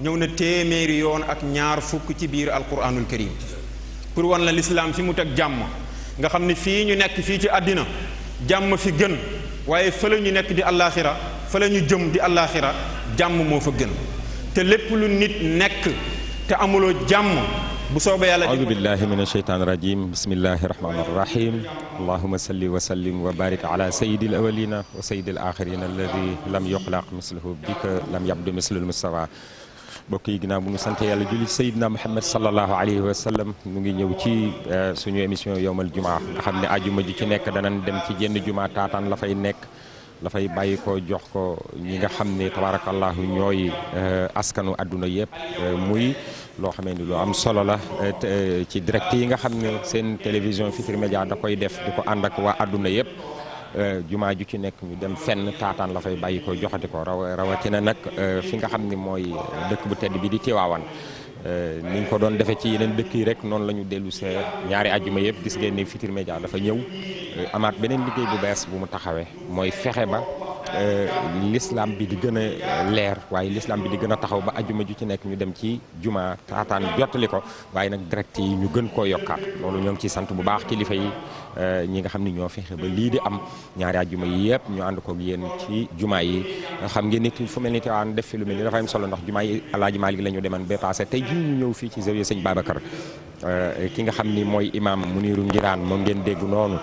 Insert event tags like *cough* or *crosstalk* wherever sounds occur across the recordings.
ñëw na téeméeri yoon ak ñaar fukk ci biir alquranul karim pour wan la lislaam fi mu teg jàmm nga xam ne fii ñu nekk fii ci àddina jàmm fi gën waaye fa la nekk di allaaxira fa la ñu jëm di allaaxira jàmm moo fa gën te lépp lu nit nekk te amuloo jàmm bu soobee yàlla audu billahi min asheytaan rajim bismillahi rahmaani rahim allahuma salli wa sallim wa barik ala sayidi al awalina wa sayidi al axirina alladi lam yuxlaq misluhu bika lam yabdu mislul mustafa mbokk yi ginnaaw bu ñu sant yàlla julli sayidina muhammad salallahu alayhi wa sallam mu ngi ñëw ci eh, suñu émission yowmal jumaa nga xam ne ajuma ji ci nekk danañ dem ci jenn jumaa taataan la fay nekk la fay bàyyi ko jox ko ñi nga xam ne tabarakallahu ñooy eh, askanu adduna yëpp eh, muy loo xamee ni lu am solo la eh, eh, ci direct yi nga xam ne seen télévision Futurs Médias da koy def di ko ànd ak waa àdduna yëpp eh, jumaa ju ci nekk ñu dem fenn taataan la fay bàyyi ko joxati ko rawatina nag fi nga xam ni mooy dëkk bu tedd bi di Tiwaawan ni ñu ko doon defee ci yeneen dëkk yi rek noonu la ñu dellu see ñaari ajuma yëpp gis ngeen ne Futurs média dafa ñëw amaat beneen liggéey bu bees bu mu taxawee mooy fexe ba. Euh, l'islam bi di gën a leer waaye l'islam bi di gëna taxaw ba ajuma ju ci nekk ñu dem ci jumaa taataan jottali ko waaye nag direct yi ñu gën koo yokkaat loolu ñoo ngi ciy sant bu baax kilifa yi euh, ñi nga xam ni ñoo fexe ba lii di am ñaari ajuma yi yëpp ñu ànd ko ak yéen ci jumaa yi xam ngeen nit fu mel ni Tiwaawan def fi lu mel ni dafa am solo ndox juma yi Alaaji Maalik la ñu deman ba passé tey jii ñu ñëw fii ci zawiya sëñ Babacar euh, ki nga xam ni mooy imaam Muniru Ngiraan moom ngeen dégg noonu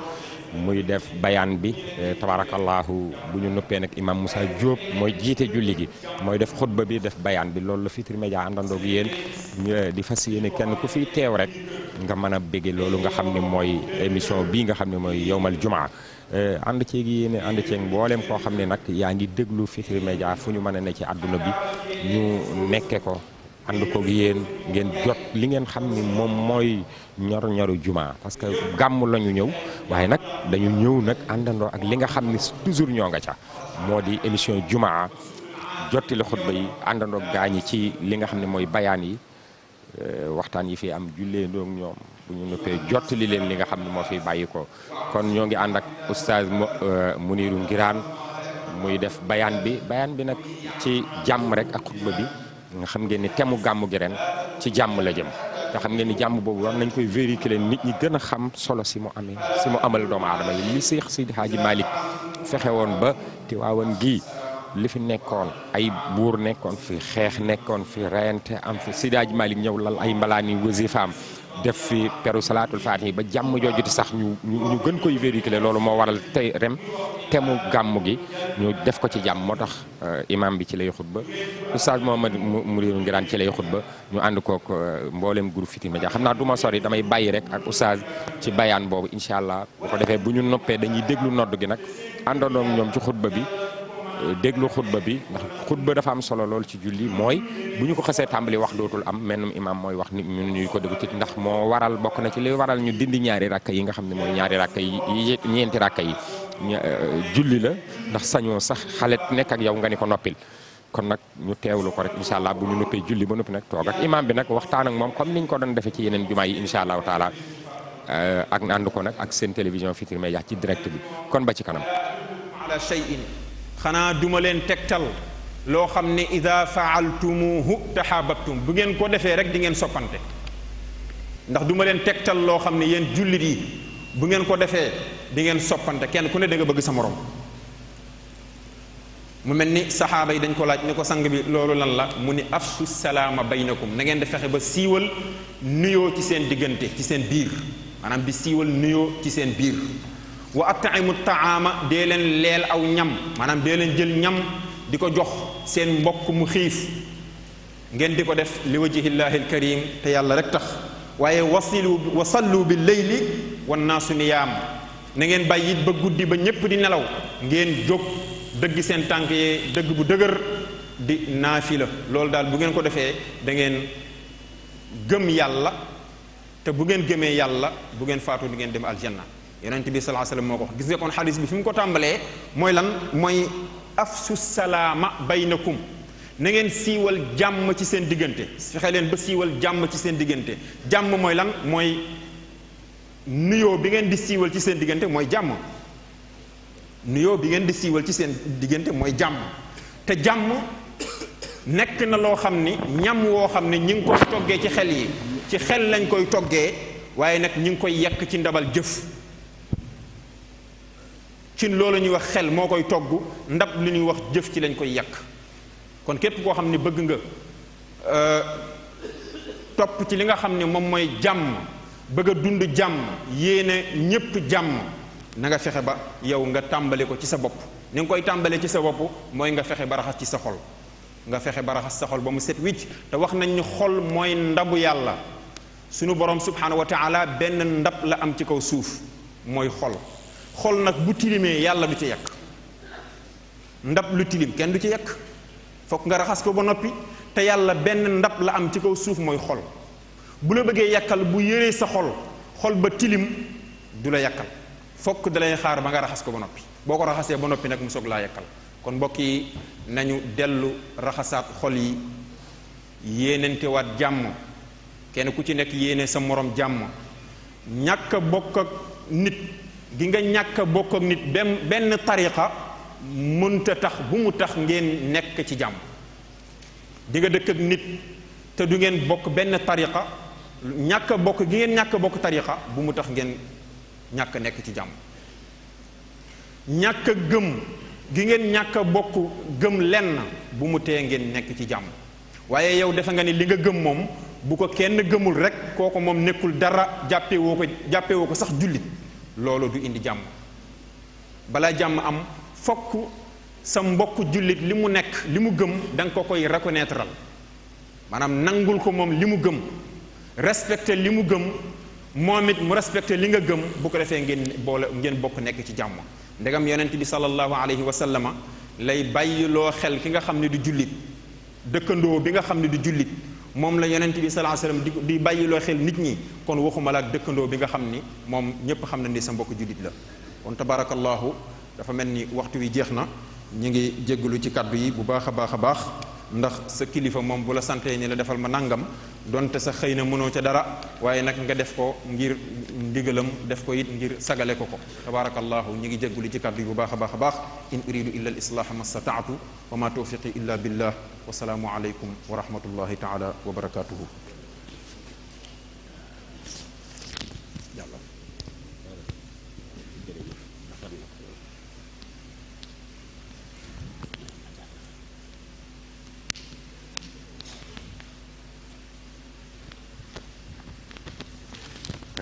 muy def bayaan bi eh, tabarakallahu bu ñu noppee nag imam Moussa Diop mooy jiite julli gi mooy def xutba bi def bayaan bi loolu la Futurs Médias àndandoo ak yéen ñu eh, di fas yéene kenn ku fi teew rek nga mën a bége loolu nga xam ne mooy émission bii nga xam ne mooy yomal jumaa eh, ànd ceeg yéen ànd ceeg mboolem koo xam ne nag yaa ngi déglu Futurs Médias fu ñu mën ne ci àdduna bi ñu nekke ko ànd koog yéen ngeen jot li ngeen xam ni moom mooy ñor ñoru juma parce que gàmm la ñu ñëw waaye nag dañu ñëw nag àndandoo ak li nga xam ni toujours ñoo nga ca moo di émission juma jottali xutba yi àndandoo gaañi ci li nga xam ne mooy bayaan yi euh, waxtaan yi fi am jullee ndoog ñoom jottali leen li nga xam ne moo fiy bàyyi kon ñoo ngi ànd ak mu Muniru euh, Ngiraan muy def bayaan bi bayaan bi nag ci jàmm rek ak xutba bi nga xam ngeen ne temu gàmm gi ren ci jàmm la jëm te xam ngeen ni jàmm boobu war nañ koy véhiculer nit ñi gën a xam solo si mu amee si mu amal doomu aadama yi li Seex Sidi Haaji malik fexe woon ba Tiwaawan gii li fi nekkoon ay buur nekkoon fi xeex nekkoon fi reyante am fi Sidi Haaji Malick ñëw lal ay mbalaani wasifaam def fi peru salaatul yi ba jàmm jooju sax ñu ñu gën koy véhiculer loolu moo waral tey rem temu gàmm gi ñu def ko ci jàmm moo tax euh, imam bi ci lay xutba oustaz Mohamad Mouridu Ngiraan ci lay xutba ñu ànd kook euh, mbooleem groupe Futurs Médias xam naa duma ma sori damay bàyyi rek ak oustaz ci bayaan boobu incha allah bu ko defee bu ñu noppee dañuy déglu nodd gi nag àndandoom ñoom ci xutba bi déglu xutba bi ndax xutba dafa am solo lool ci julli mooy bu ñu ko xasee tàmbali wax dootul am mennum imaam mooy wax nit ñun ñuy ko déglu ci ndax moo waral bokk na ci li waral ñu dindi ñaari rakk yi nga xam ne mooy ñaari rakk yi ñeenti rakk yi euh, julli la ndax sañoo sax xale nekk ak yow nga ni ko noppil kon nag ñu teewlu ko rek incha allah bu ñu noppee julli ba noppi nag toog ak bi nag waxtaan ak moom comme niñ ko doon defee ci yeneen jumaa yi incha allahu taala euh, ak ànd ko nag ak seen télévision Futurs Médias ci direct bi kon ba ci kanam xanaa duma leen tegtal loo xam ne ida faaltumuhu taxaababtum bu ngeen ko defee rek di ngeen soppante ndax duma leen tegtal loo xam ne yéen jullit yi bu ngeen ko defee di ngeen soppante kenn ku ne danga bëgg sa morom mu mel ni saxaaba yi dañ ko laaj ne ko sang bi loolu lan la mu ni afsu salaama baynakum na ngeen di fexe ba siiwal nuyoo ci seen diggante ci seen biir maanaam bi siiwal nuyoo ci seen biir wa at'imu taama dee leen leel aw ñam maanaam dee leen jël ñam di ko jox seen mbokk mu xiif ngeen di ko def li wajhillahi alkarim te yàlla rek tax waaye wasilu wa sallu bi leyli wan naasu niyaam na ngeen bàyyi ba guddi ba ñépp di nelaw ngeen jóg dëgg seen tànk yee dëgg bu dëgër di naafila loolu daal bu ngeen ko defee dangeen ngeen gëm yàlla te bu ngeen gëmee yàlla bu ngeen faatu di ngeen dem aljanna yonent bi salaa sallam moo ko wax gis nga kon xadis bi fi mu ko tàmbalee mooy lan mooy afsu salaama baynakum na ngeen siiwal jàmm ci seen diggante fexe leen ba siiwal jàmm ci seen diggante jàmm mooy lan mooy nuyoo bi ngeen di siiwal ci seen diggante mooy jàmm nuyoo bi ngeen di siiwal ci seen diggante mooy jàmm te jàmm nekk na loo xam ni ñam woo xam ne ñi ngi koy toggee ci xel yi ci xel lañ koy toggee waaye nag ñi ngi koy yekk ci ndabal jëf cin loolu ñuy wax xel moo koy togg ndab li ñuy wax jëf ci lañ koy yàq kon képp koo xam ne bëgg nga euh, topp ci li nga xam ne moom mooy jàmm bëgg a dund jàmm yéene ñépp jàmm na nga fexe ba yow nga tàmbale ko ci sa bopp ni nga koy tàmbale ci sa bopp mooy nga fexe ba raxas ci sa xol nga fexe ba raxas sa xol ba mu set wicc te wax nañ ni xol mooy ndabu yàlla sunu borom subhanahu wa taala benn ndab la am ci kaw suuf mooy xol xol nag bu tilimee yàlla du ci yàq ndab lu tilim kenn du ci yàq fokk nga raxas ko ba noppi te yàlla benn ndab la am ci kaw suuf mooy xol bu la bëggee yàkkal bu yëree sa xol xol ba tilim du la yàqal fokk dalay xaar ba nga raxas ko ba noppi boo ko raxasee ba noppi nag mu soog laa yàkkal kon mbokk yi nañu dellu raxasaat xol yi yéenantewaat jàmm kenn ku ci nekk yéene sa moroom jàmm ñàkk bokk ak nit gi nga ñàkk a bokk nit benn benn tariqa mënta tax bu mu tax ngeen nekk ci jàmm di nga dëkk ak nit te du ngeen bokk benn tariqa ñàkk bokk gi ngeen ñàkk bokk tariqa bu mu tax ngeen ñàkk nekk ci jàmm ñàkk a gëm gi ngeen ñàkk bokk gëm lenn bu mu tee ngeen nekk ci jàmm waaye yow defe nga ni li nga gëm moom bu ko kenn gëmul rek kooku moom nekkul dara jàppewoo ko jàppewoo ko sax jullit loolu du indi jàmm balaa jàmm am fokk sa mbokk jullit li mu nekk li mu gëm danga ko koy reconnaître maanaam nangul ko moom li mu gëm respecter li mu gëm moom it mu respecter li nga gëm bu ko defee ngeen boole ngeen bokk nekk ci jàmm ndegam yonent bi sallallahu alayhi wa sallama lay loo xel ki nga xam ne du jullit dëkkandoo bi nga xam ne du jullit moom la yonent bi sallallahu alayhi wasallam di bàyyiloo xel nit ñi kon waxuma la dëkkandoo bi nga xam ni moom ñépp xam na ni sa mbokk jullit la kon tabarakallahu dafa mel ni waxtu wi jeex na ñu ngi jéggalu ci kàddu yi bu baax a baax a baax ndax sa kilifa moom bu la santee nii la defal ma nangam donte sa xëy na mënoo ca dara waaye nag nga def ko ngir ndigalam def ko it ngir sagale ko ko tabarakallahu ñu ngi jéggulu ci kàddu yi bu baax a baax a baax in uridu illa al islaaha ma stataatu wa ma tawfiqi illa billah wasalaamu aleykum wa rahmatullahi taala wa barakatuhu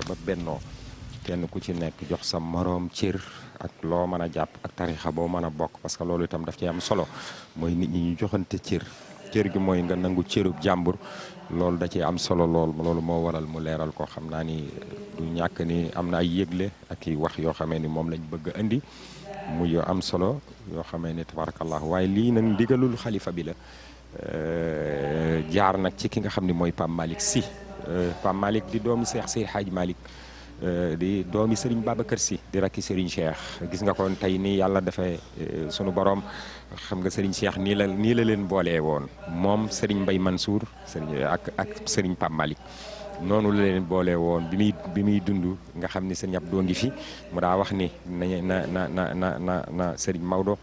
ba bennoo kenn ku ci nekk jox sam moroom cër ak loo mën a jàpp ak tarixa boo mën a bokk parce que loolu itam daf ci am solo mooy nit ñi ñu joxante cër cër gi mooy nga nangu cërub jàmbur loolu da ci am solo lool loolu moo waral mu leeral ko xam naa ni du ñàkk ni am na ay yëgle ak i wax yoo xamee ni moom lañ bëgg indi mu am solo yoo xamee ni tabarakallah waaye lii na ndigalul xalifa bi la jaar nag ci ki nga xam ni mooy Pape Malick Sy Euh, Pape Malick di doomi Cheikh Seydi Hadj Malick euh, di doomi Serigne Babacar si di rakki Serigne Cheikh gis nga kon tey nii yàlla dafay euh, sunu borom xam nga sëriñ Cheikh nii la nii la leen boolee woon moom Serigne Mbaye Mansour Serigne ak ak Serigne Pape noonu la leen boole woon bi muy bi muy dund nga xam ni sëriñ Abdou ngi fi mu daa wax ni nañu na na na na na sëriñ Maodo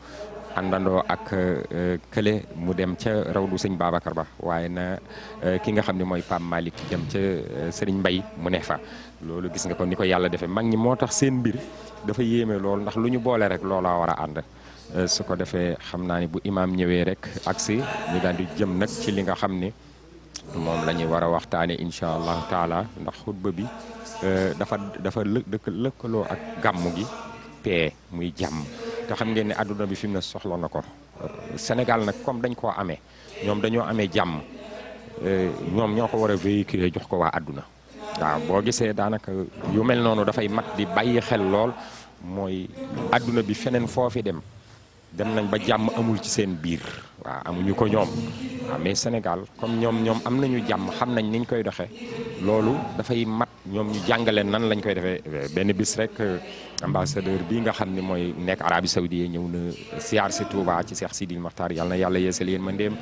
àndandoo ak euh, kële mu dem ca rawdu sëñ Babacar Ba waaye na euh, ki nga xam ne mooy Pape Malick dem ca euh, sëriñ Mbay mu ne fa loolu gis nga ko ni ko yàlla defee mag ñi moo tax seen mbir dafa yéeme loolu ndax lu ñu boole rek loolaa war a ànd su ko defee xam naa ni bu imam ñëwee rek agsi ñu daal di jëm nag ci li nga xam ni moom la ñuy war a waxtaane incha allahu taala ndax ba bi dafa dafa lëkkaloo ak gàmm gi pee muy jàmm te xam ngeen ne àdduna bi fi mu ne soxla na ko Sénégal nag comme dañ koo amee ñoom dañoo amee jàmm euh, ñoom ñoo ko war a véhiculer jox ko waa àdduna waaw boo gisee daanaka yu mel noonu dafay mat di bayyi xel lool mooy àdduna bi feneen foofi dem dem nañ ba jàmm amul ci seen biir waaw amuñu ko ñoom waaw mais Sénégal comme ñoom ñoom am nañu jàmm xam nañ niñ koy doxee loolu dafay mat ñoom ñu jàngale nan lañ koy defee benn bis rek euh, ambassadeur bii nga xam ne mooy nekk Arabie Saoudite ñëw na siyaar si Touba ci Cheikh Sidil Makhtar yàlla na yàlla yeesal yéen ma ndéem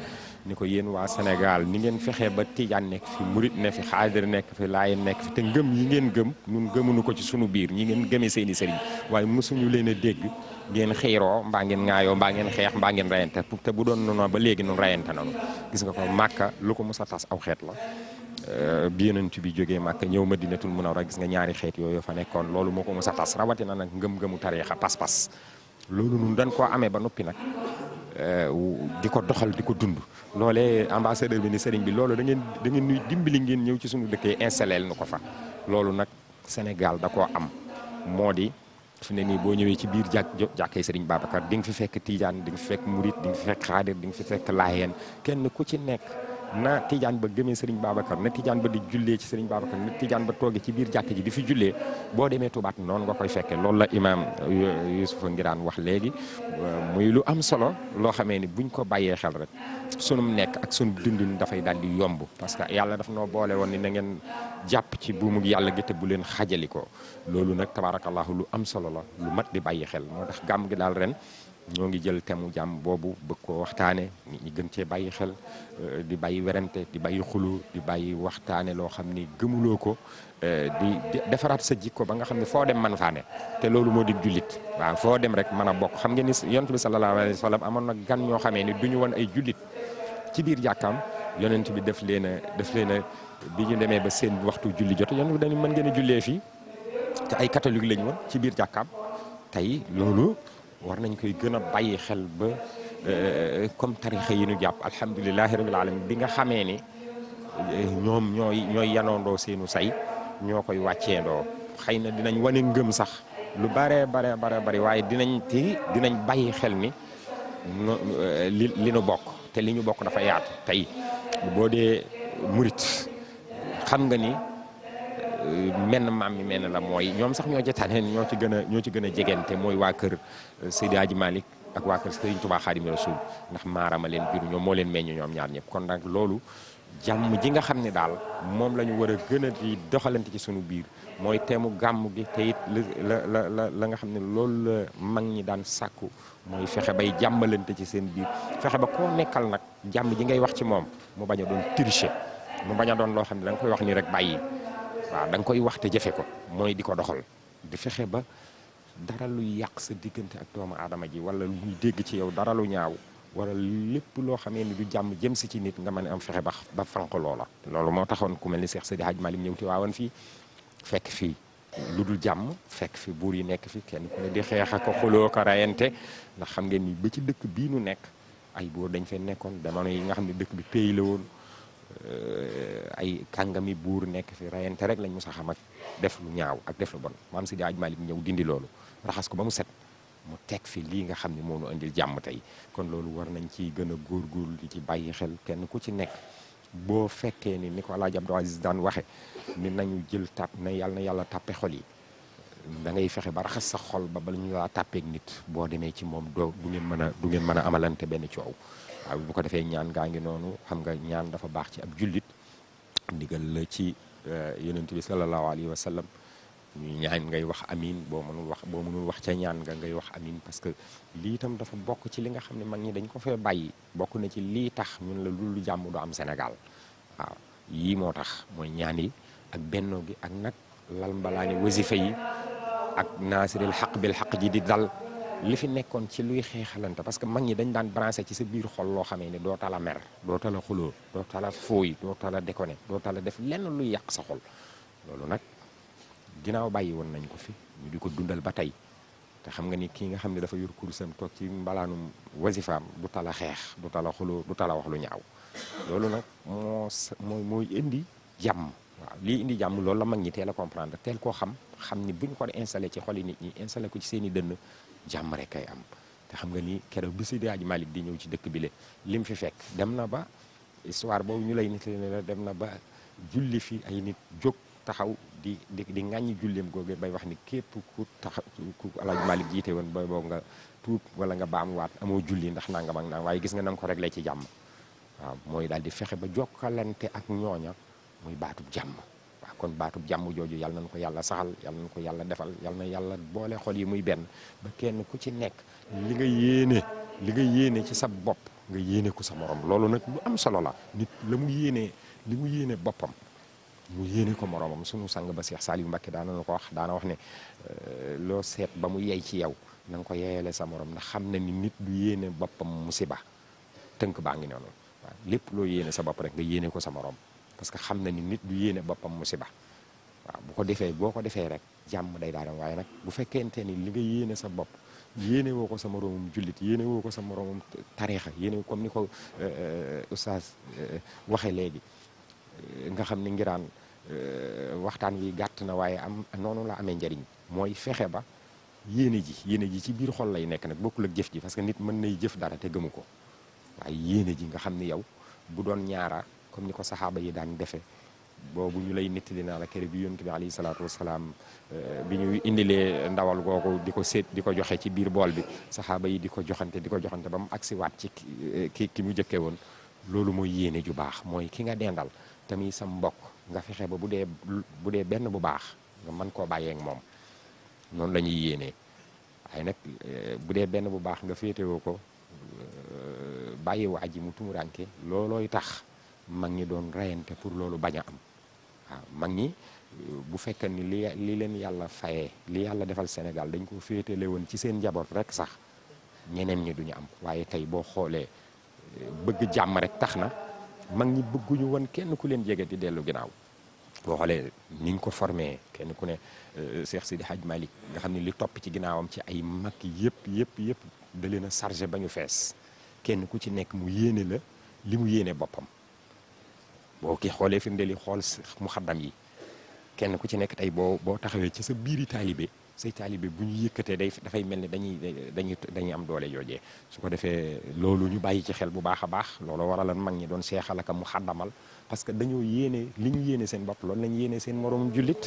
ni ko yéen waa Sénégal ni ngeen fexee ba Tijaan nekk fi murit ne fi xaadir nekk fi laayeen nekk fi te ngëm yi ngeen gëm ñun gëmuñu ko ci sunu biir ñi ngeen gëmee seen i sëriñ waaye mosuñu leen a dégg ngeen xiiroo mbaa ngeen ŋaayoo mbaa ngeen xeex mbaa ngeen rayante te bu doon noonu ba léegi ñun rayante nanu gis nga ko màkka lu ko mos a tas aw la Euh, bi ci bi jógee Màkka ñëw ma Madinatul Munawwara gis nga ñaari xeet yooyu fa nekkoon loolu moo ko mos a tas rawatina nag ngëm-ngëmu tariixa pas-pas loolu nun dañ koo amee ba noppi nag euh, di ko doxal di ko dund loolee ambassadeur bi ni sëriñ bi loolu da ngeen da ngeen nuy dimbali ngeen ñëw ci suñu dëkkee installeel nu ko fa loolu nag Sénégal da koo am moo di fi ne nii boo ñëwee ci biir jàkk jàkkee sëriñ Babacar di nga fi fekk Tidiane di nga fi fekk Murit di nga fi fekk Xaadir di nga fi fekk Laayeen kenn ku ci nekk na tijaan ba gëmee sëriñ Babacar na tijaan ba di jullee ci sëriñ Babacar na tijaan ba toogee ci biir jàkk ji di fi jullee boo demee tubaat noonu nga koy fekkee loolu la imaam Yusufa Ngiraan wax léegi muy lu am solo loo xamee ni buñ ko bàyyee xel rek sunum nekk ak sunu dundin dafay daal di yomb parce que yàlla def noo boole woon ni na ngeen jàpp ci buumu yàlla gi te bu leen xajaliko loolu nag tabaarakallaahu lu am solo la lu mat di bàyyi xel moo gàmm gi daal ren ñoo ngi jël thème mu jàmm boobu bëgg koo waxtaane nit ñi gën cee bàyyi xel euh, di bay werante di bàyyi xulu di bàyyi waxtaane loo xam ni gëmuloo ko euh, di defaraat sa jikko ba nga xam ne foo dem man faane te loolu moo di jullit waaw foo dem rek mën a bokk xam ngeen ni yonent bi sallallahu alayhi wa sallam amoon na gan ñoo xamee ni duñu wan woon ay jullit ci biir jàkkaam yonent bi def leen a leen a bi ñu demee ba seen waxtu julli jot yonent bi dañu mën ngeen a jullee fii te ay catholique lañu woon ci biir jàkkaam tey war nañ koy gën a bàyyi xel ba euh, comme tarixa yi ñu jàpp alhamdulilahi rabil alamin bi nga xamee ni euh, ñoom ñooy ñooy yanoondoo seenu say ñoo koy wàcceendoo xëy na dinañ wane ngëm sax lu bare bare bare bari waaye dinañ ti dinañ bayyi xel ni euh, li li bokk te li ñu bokk dafa yaatu tey boo dee murit xam nga ni menn maam mi menn la mooy ñoom sax ñoo ci tane ñoo ci gën ñoo ci gën a jegente mooy waa kër euh, Seydi Hadji Malick ak waa kër Serigne Touba Khadim Rasoul ndax maarama leen biir ñoom moo leen meññ ñoom ñaar ñëpp kon nag loolu jàmm ji nga xam ne daal moom la ñu war a gën a di doxalante ci sunu biir mooy teemu gàmm gi te it la la la la nga xam ne loolu la mag ñi daan sàkku mooy fexe bay jàmmalante ci seen biir fexe ba ko nekkal nag jàmm ji ngay wax ci moom mu bañ a doon tricher mu bañ a doon loo xam ne da nga koy wax ni rek bàyyi waaw danga koy wax te jëfe ko mooy di ko doxal di fexe ba dara lu yàq sa diggante ak doomu aadama ji wala luy dégg ci yow dara lu ñaaw wala lépp loo xamee ni du jàmm jëm si ci nit nga mën ne am fexe ba ba fànq loola. loolu moo taxoon ku mel ni Seex Seydi Hadj Malick ñëw ti waawan fii fekk fii lu dul jàmm fekk fi buur yi nekk fi kenn di xeex ak ko xuloo ko ndax xam ngeen ni ba ci dëkk bii nu nekk ay buur dañ fee nekkoon jamono yi nga xam ne dëkk bi pays la woon. Euh, ay kàngami buur nekk fi reyante rek lañ mos a xam ak def lu ñaaw ak def lu bon maam Seydi Hadji Malick ñëw dindi loolu raxas ko ba mu set mu teg fi lii nga xam ne moom nu indil jàmm tey kon loolu war nañ ci gën a góorgóorlu di ci bàyyi xel kenn ku ci nekk boo fekkee ni ni ko Alaaji Abdou daan waxe ni nañu jël tàpp na yàlla yàlla tàppe xol yi da ngay fexe ba raxas sa xol ba bala ñu laa tàppeek nit boo demee ci moom doo du ngeen mën a du mën a amalante benn coow waaw bu ko defee ñaan gaa ngi noonu xam nga ñaan dafa baax ci ab jullit ndigal la ci euh, yonent bi sallallahu alayhi wa sallam ñu ñaan ngay wax amin boo mënul wax boo mënul wax ca ñaan nga ngay wax amin parce que lii itam dafa bokk ci li nga xam ne mag ñi dañ ko fee bàyyi bokk na ci lii tax ñun la lu jàmm du am senegal waaw yii moo tax mooy ñaan yi ak bennoo gi ak nag lal mbalaani wasifa yi ak naasiril xaq bil xaq ji di dal li fi nekkoon ci luy xeexalante parce que mag ñi dañ daan branché ci sa biir xol loo xamee ne doo tala mer doo tala xuloo doo tala fooy doo tala déconné doo tala def lenn luy yàq sa xol loolu nag ginnaaw bàyyi woon nañ ko fi ñu di ko dundal ba tey te xam nga ni kii nga xam ne dafa yor kursam toog ci mbalaanum wasifaam du tala xeex du tala xuloo du tala wax lu ñaaw loolu nag moo mooy mooy indi jàmm waaw lii indi jàmm loolu la mag ñi teel a comprendre teel koo xam ni buñ ko installé ci xoli nit ñi installé ko ci seen i dënn jàmm rek kay am te xam nga ni keroog bi Seydi Hadji Malick di ñëw ci dëkk bi le lim fi fekk dem na ba histoire boobu ñu lay nit ne la dem na ba julli fi ay nit jóg taxaw di di di ŋàññi julleem googee bay wax ni képp ku taxaw ku Alaaji jiite woon bay boobu nga tuub wala nga baamuwaat amoo julli ndax nangam ak nangam waaye gis nga nam ko rek réglé ci jàmm waaw mooy daal di fexe ba jokkalante ak ñooña muy baatub jàmm kon baatub jàmm jooju yal nañ ko yàlla saxal yal ko yàlla defal yal na yàlla boole xol yi muy benn ba kenn ku ci nekk li nga yéene li nga yéene ci sa bopp nga yéene ko sa moroom loolu nag lu am solo la nit la mu yéenee li mu yéene boppam mu yéene ko moromam sunu sang ba Seex Saaliw Mbàkke daana na ko wax daana wax ne euh, loo seet ba mu yey ci yow na nga ko yeeyale sa moroom ndax xam na ni nit du yéene boppam mu siba tënk baa ngi noonu waaw lépp loo yéene sa bopp rek nga yéene ko sa morom parce que xam na ni nit du yéene boppam musiba waaw bu ko defee boo ko defee rek jàmm day daal waaye nag bu fekkente ni li nga sa bopp yéene woo ko sa moroomum jullit yéene woo ko sa moroomum tariixa yéene comme ni ko euh, euh, oustaz euh, waxe léegi nga xam ni ngiraan waxtaan wi gàtt na waaye am noonu la amee njariñ mooy fexe ba yéene ji yéene ji ci biir xol lay nekk nag bokkul ak jëf ji parce que nit mën nay jëf dara te gëmu ko waaye yéene ji nga xam ni yow bu doon ñaara comme ni ko saxaaba yi daan defe boobu ñu lay nettali naa la kër bi yonent bi alayhi salaatu wasalaam euh, bi ñu indilee ndawal googu di ko seet di ko joxe ci biir bool bi saxaaba yi di ko joxante di ko joxante ba mu agsiwaat ci ki euh, ki mu jëkkee woon loolu mooy yéene ju baax mooy ki nga dendal tamit sam mbokk nga fexe ba bu dee bu dee benn bu baax nga man koo bàyyee ak moom noonu la ñuy yéenee waaye nag euh, bu dee benn bu baax nga féetewoo ko bàyyi waa ji mu tumuranke loolooy tax mag ñi doon reyante pour loolu bañ a am waaw mag ñi bu fekkee ni li li leen yàlla fayee li yàlla defal Sénégal dañ ko féetale woon ci seen njaboot rek sax ñeneen ñi duñu am waaye tey boo xoolee bëgg jàmm rek tax na mag ñi bëgguñu woon kenn ku leen jege di dellu ginnaaw boo xoolee ni ñu ko formé kenn ku ne si euh, Sidi Hadj Malick nga xam ne li topp ci ginnaawam ci ay mag yëpp yëpp yëpp da leen a chargé ba ñu fees kenn ku ci nekk mu yéene la li mu yéene boppam boo ki xoolee firnde li xool mu xaddam yi kenn ku ci nekk tey boo boo taxawee ci sa yi taalibe say taalibe bu ñu yëkkatee day dafay mel ni dañuy dañuy dañuy am doole joojee su ko defee loolu ñu bàyyi ci xel bu baax a baax loolu waraloon mag ñi doon seexal ak mu xaddamal parce que dañu yéene li ñu yéene seen bopp loolu lañ yéene seen moroom jullit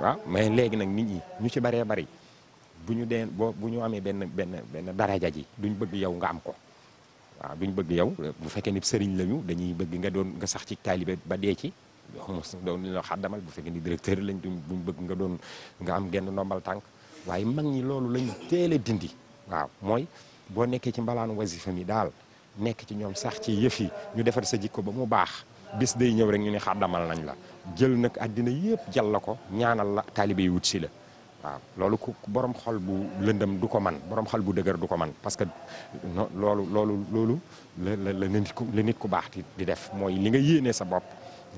waaw mais léegi nag nit ñi ñu ci baree bari bu ñu dee boo bu ñu amee benn benn benn daraja ji duñ bëgg yow nga am ko waaw duñ bëgg yow bu fekkee ni sëriñ lañu dañuy bëgg nga doon nga sax ci taalibe ba dee ci doon li wax xaddamal bu fekkee ni directeur lañ duñ bëgg nga doon nga am genn ndombal tànk waaye mag ñi loolu lañ teel a dindi waaw mooy boo nekkee ci mbalaanu wasifa mi daal nekk ci ñoom sax ci yëf yi ñu defar sa jikko ba mu baax bis day ñëw rek ñu ne xaddamal nañ la jël nag àddina yëpp jàll la ko ñaanal la taalibe yi wut si la waaw loolu ku borom xol bu lëndëm du ko man borom xal bu dëgër du ko man parce que loolu loolu loolu la la la nit ku la nit ku baax di def mooy li nga yéene sa bopp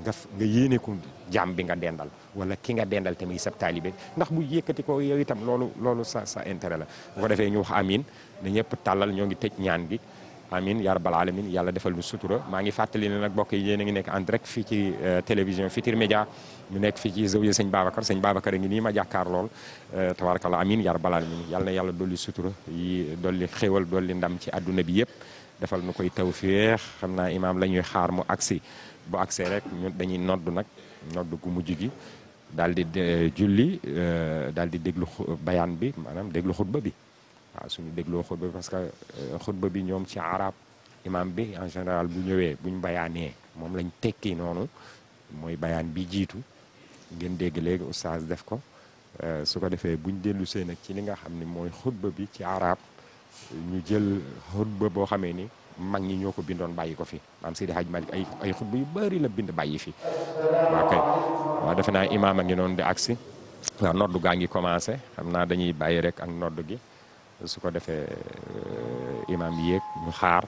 nga nga yéene ko jàmm bi nga dendal wala ki nga dendal tamit sa taalibe ndax bu yëkkati ko yow itam loolu loolu sa sa intérêt la bu ko defee ñu wax amin da ñëpp tàllal ñoo ngi tëj ñaan gi amin yaa rabbal alamin yàlla defal lu sutura maa ngi fàttali ne nag mbokk yi yéen a ngi nekk en direct fii ci euh, télévision Futurs Médias ñu nekk fii ci zawiya sëñ Babacar sëñ Babacar a ngi nii ma jàkkaar lool euh, tabarakallah amin yaa rabbal alamin yàlla na yàlla dolli sutura yi dolli xéewal dolli ndam ci àdduna bi yëpp defal nu koy tawféex xam naa imaam la ñuy xaar mu agsi bu agsee rek ñun dañuy nodd nag nodd gu mujj gi daal di euh, julli daal di déglu bayaan bi maanaam déglu xutba bi waaw ah, suñu dégloo xutba parce que euh, xutba bi ñoom ci arab imam bi en général bu ñëwee buñ bayaanee moom lañ tekki noonu mooy bayaan bi jiitu ngeen dégg léegi oustaz def ko euh, su ko defee buñ dellu see nag ci li nga xam ni mooy xutba bi ci arab ñu jël xutba boo xamee ni mag ñi ñoo ko bindoon bàyyi ko fi maam Seydi Hadj Malick ay ay xutba yu bëri la bind bàyyi fi waaw kay waaw defe naa imaam a ngi noonu di agsi waaw noddu gaa ngi commencé xam naa dañuy bàyyi rek ak noddu gi su ko defee euh, imaam yéeg ñu xaar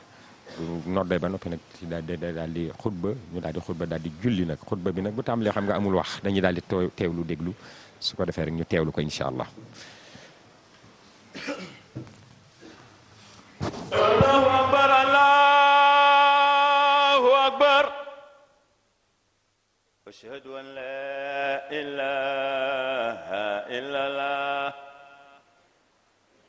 bu noddee ba noppi nag daldi daal di xutba ñu daal di xutba daal di julli nag xutba bi nag bu tàmbalee xam nga amul wax dañuy daal di teewlu déglu su ko defee rek ñu teewlu ko incha allah. allahu akbar allahu akbar ashhadu an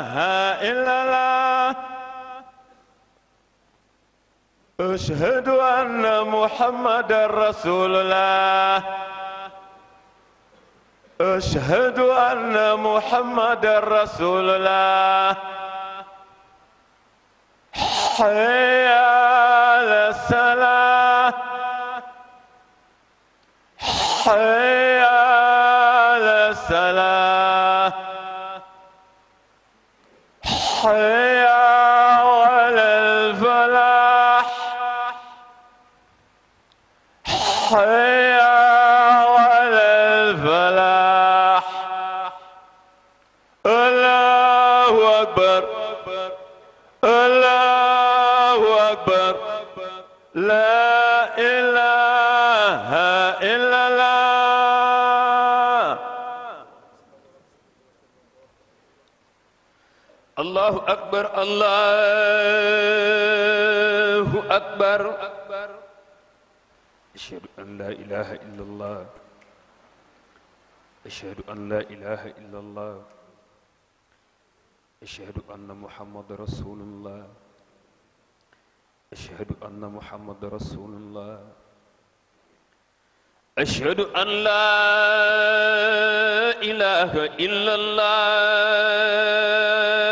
إلا الله أشهد أن محمد رسول الله أشهد أن محمد رسول الله حي على السلام حي 好。akbar allahu akbar ashhadu an la ilaha illa allah ashhadu an la ilaha illa allah ashhadu anna muhammadan rasulullah ashhadu anna muhammadan rasulullah أشهد أن لا إله إلا الله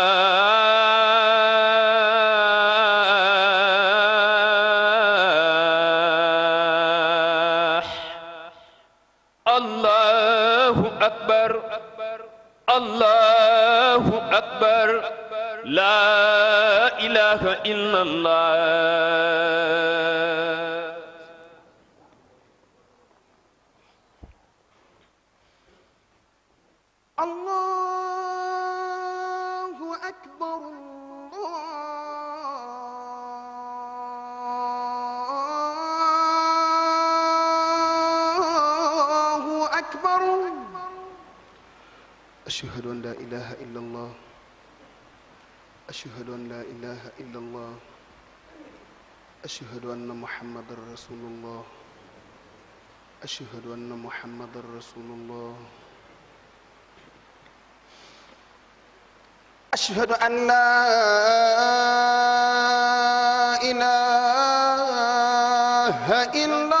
إلا الله الله أكبر الله أكبر أشهد أن لا إله إلا الله ashhadu an laa ilaha illa allah ashhadu anna muhammadan rasulullah ashhadu anna muhammadan rasulullah ashhadu an laa ilaha illa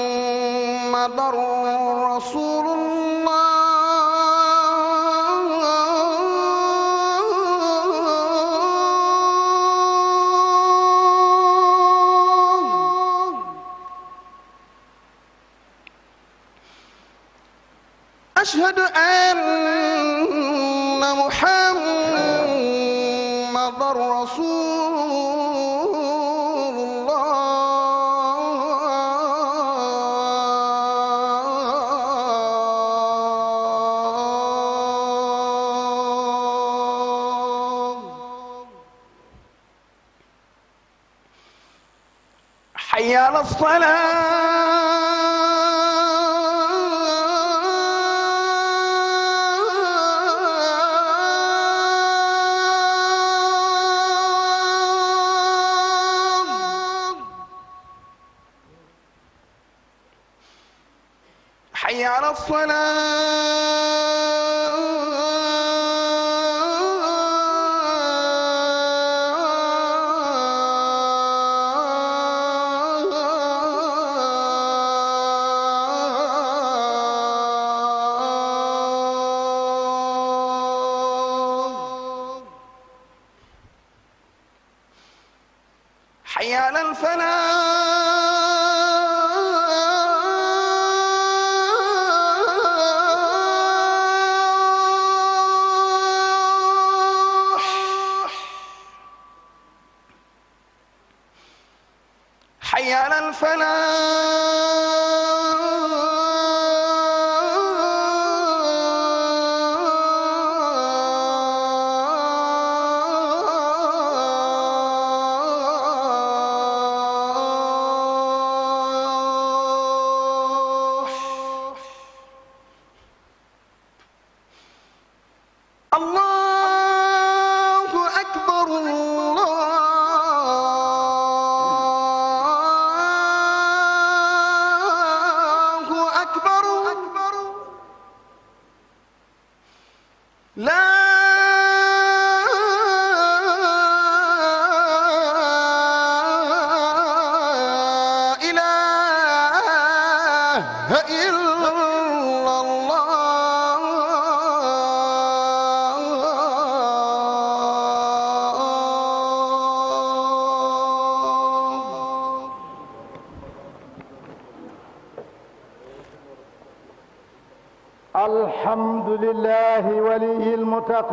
محمد رسول الله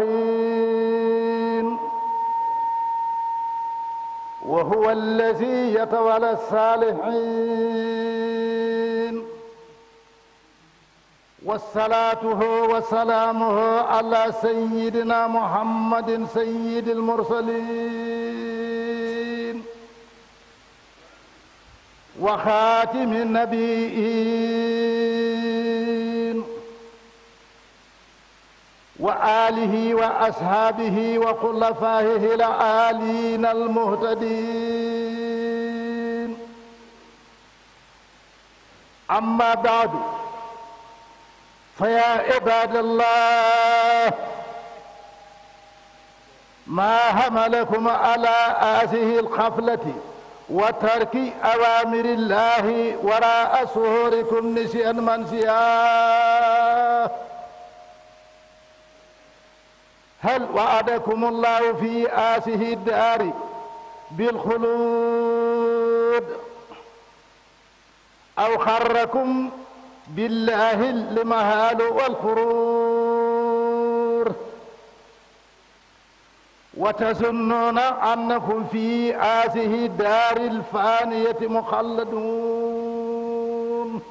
الرحيم وهو الذي يتولى الصالحين والصلاة وسلامه على سيدنا محمد سيد المرسلين وخاتم النبيين آله وأصحابه وخلفائه العالين المهتدين أما بعد فيا عباد الله ما حملكم على هذه القفلة وترك أوامر الله وراء سهوركم نسيا منسيا هل وعدكم الله في آسه الدار بالخلود أو خركم بالله المهال والخرور وتظنون أنكم في آسه الدار الفانية مخلدون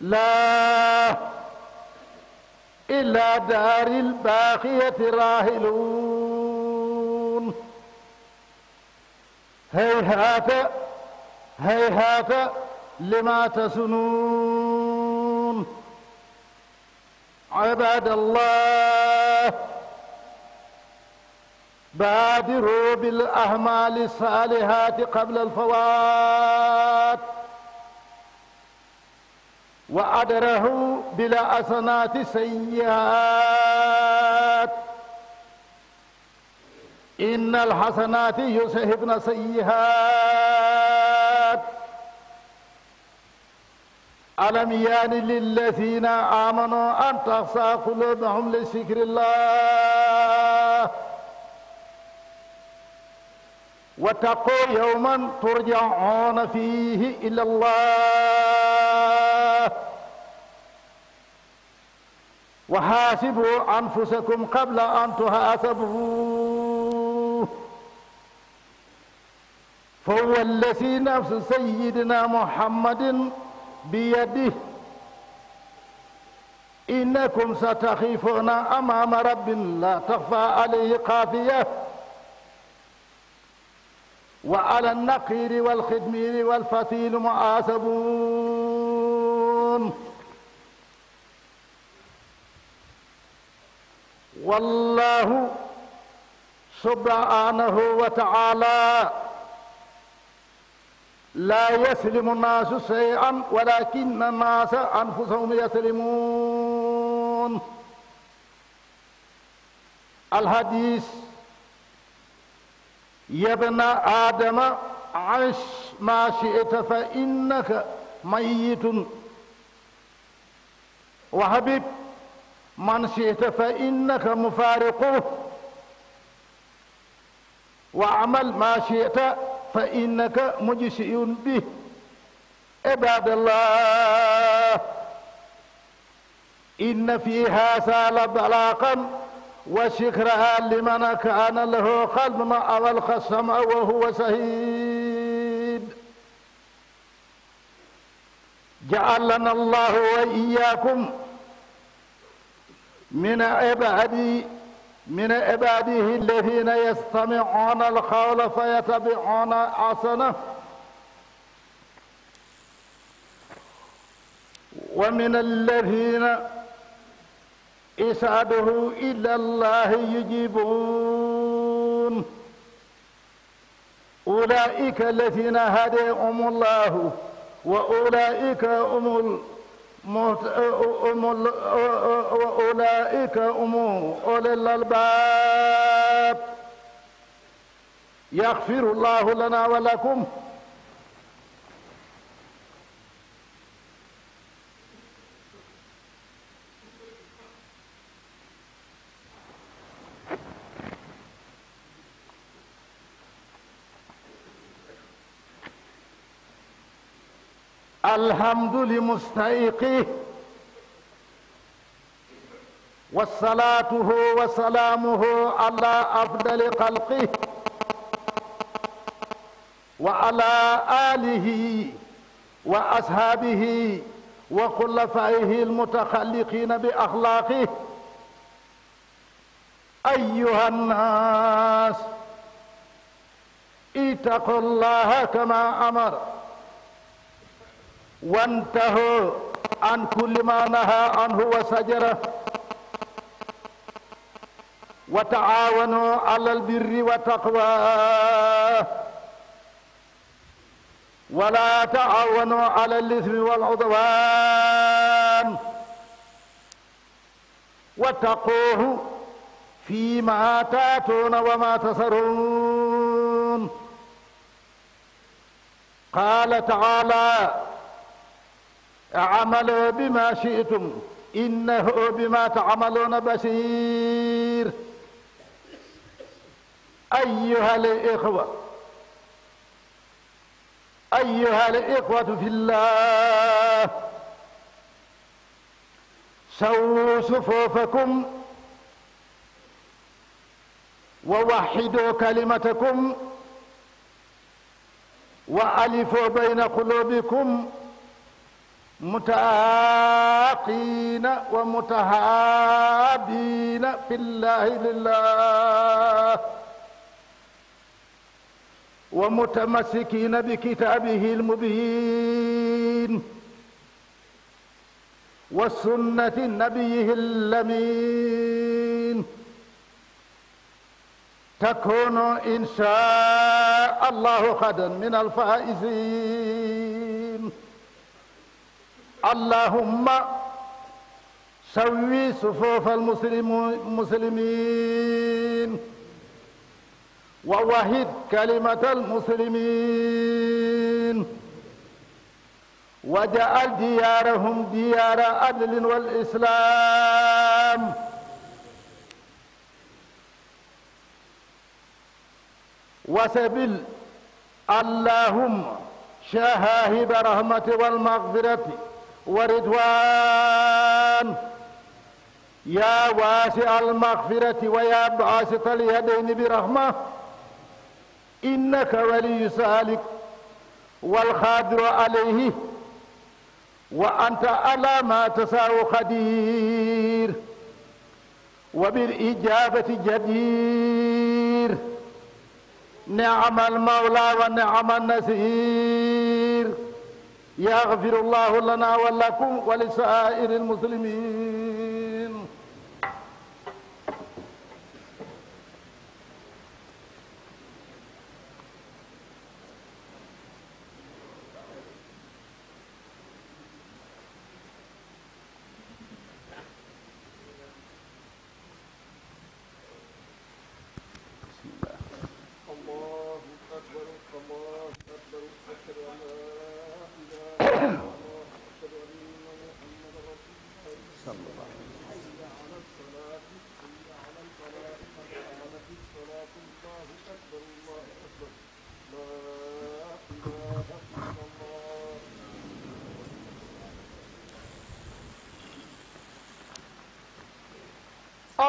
لا إلى دار الباقية راهلون هيهات هيهات لما تصنون عباد الله بادروا بالأعمال الصالحات قبل الفوات وأدره بلا أسنات سيئات إن الحسنات يسهبن سيئات ألم يان للذين آمنوا أن تخشى قلوبهم لذكر الله واتقوا يوما ترجعون فيه إلى الله وحاسبوا أنفسكم قبل أن تحاسبوا فهو الذي نفس سيدنا محمد بيده إنكم ستخيفون أمام رب لا تخفى عليه قافية وعلى النقير والخدمير والفتيل محاسبون والله سبحانه وتعالى لا يسلم الناس شيئا ولكن الناس أنفسهم يسلمون الحديث يا ابن آدم عش ما شئت فإنك ميت وحبيب من شئت فإنك مفارقه واعمل ما شئت فإنك مجزئ به عباد الله إن في هذا لبلاغا وشكرها لمن كان له قلب أو ألقى السمع وهو سهيد جعلنا الله وإياكم من عبادي من عباده الذين يستمعون القول فيتبعون أحسنه ومن الذين إسعاده إلى الله يجيبون أولئك الذين هداهم الله وأولئك هم وأولئك هم أولي الألباب يغفر الله لنا ولكم الحمد لمستيقظ وصلاته وسلامه على أفضل خلقه وعلى آله وأصحابه وخلفائه المتخلقين بأخلاقه أيها الناس اتقوا الله كما أمر وانتهوا عن كل ما نهى عنه وسجره وتعاونوا على البر والتقوى ولا تعاونوا على الإثم والعدوان واتقوه فيما تاتون وما تسرون قال تعالى اعملوا بما شئتم إنه بما تعملون بشير أيها الإخوة أيها الإخوة في الله سووا صفوفكم ووحدوا كلمتكم وألفوا بين قلوبكم mutaaqiina wa mutahaabiina fillaahi lillah wa mutamassikiina bi kitaabihil mubiin wa sunnati nabiyyihil lamiin takuunu inshaa Allahu gadan minal faa'iziin اللهم سوي صفوف المسلمين ووحد كلمة المسلمين وجعل ديارهم ديار عدل والإسلام وسبل اللهم شهاهب رحمة والمغفرة ورضوان يا واسع المغفرة ويا باسط اليدين برحمة إنك ولي ذلك والقادر عليه وأنت على ما تشاء قدير وبالإجابة جدير نعم المولى ونعم النصير يغفر الله لنا ولكم ولسائر المسلمين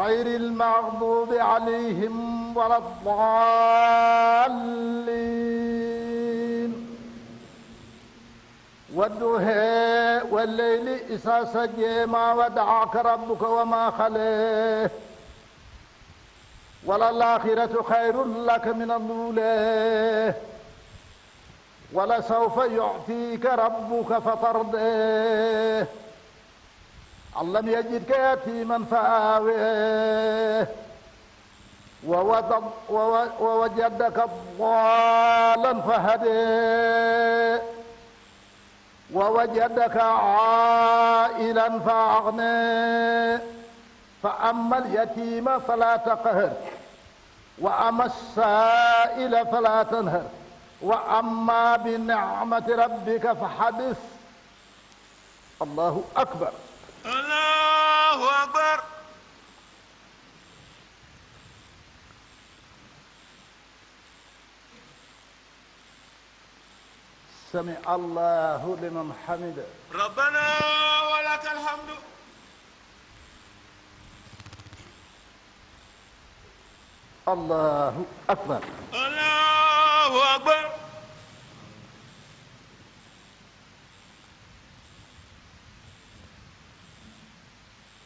غير المغضوب عليهم ولا الضالين والدهى والليل إذا سجى ما ودعك ربك وما خلاه وللآخرة خير لك من الأولى ولسوف يعطيك ربك فترضيه علم يجدك في منفاويه ووجدك ضالا فهدي ووجدك عائلا فأغني فأما اليتيم فلا تقهر وأما السائل فلا تنهر وأما بنعمة ربك فحدث الله أكبر allahu akbar sami allahu liman hamida rabbana wa laka alhamdu allahu akbar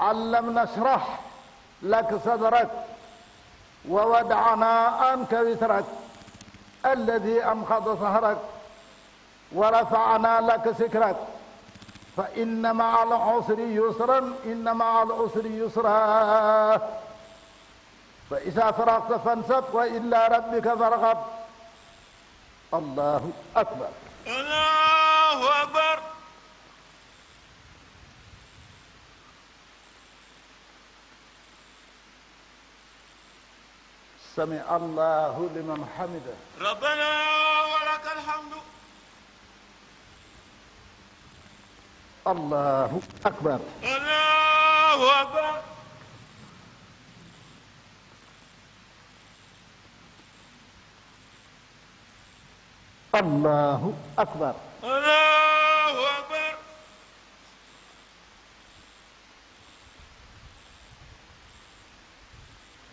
علم نشرح لك صدرك ووضعنا عنك وترك الذي أمخض سهرك ورفعنا لك سكرك فإن مع العسر يسرا إن مع العسر يسرا فإذا فرغت فانسب وإلى ربك فارغب الله أكبر الله أكبر sami allahu liman hamida rabbana wa lakal hamdu allahu akbar allahu akbar allahu akbar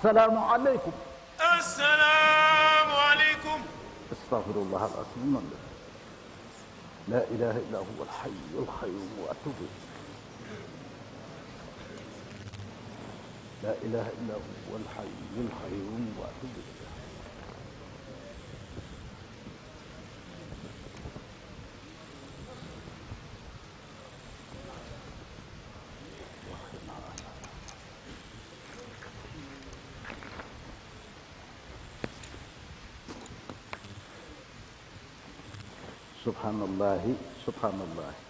asalaamualeykum. asalaamualeykum. astafirullah al azim laa ilaha illa huwa al hayyu al qayyum wa atubu laa ilaha illa huwa al hayyu al qayyum wa atubu subhanallahi subhanallahi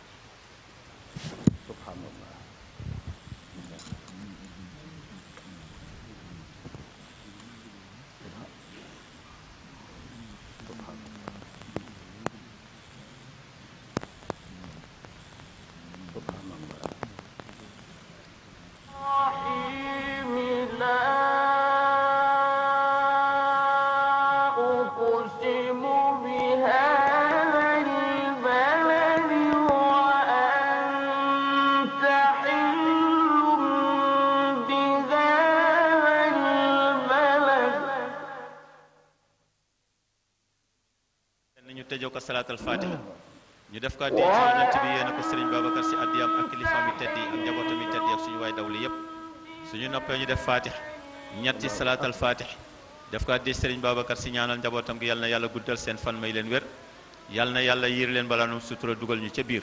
salaatul fatiha ñu def ko addi ci yonent bi yéena ko sëriñ Babacar si addiyam ak kilifaam yi tedd yi ak yëpp suñu noppee ñu def fatih ñetti salaatal fatih def ko addi sëriñ Babacar si ñaanal njabootam gi yal na yàlla guddal seen fan may leen wér yal na yàlla yiir leen balaanum sutura dugal ñu ca biir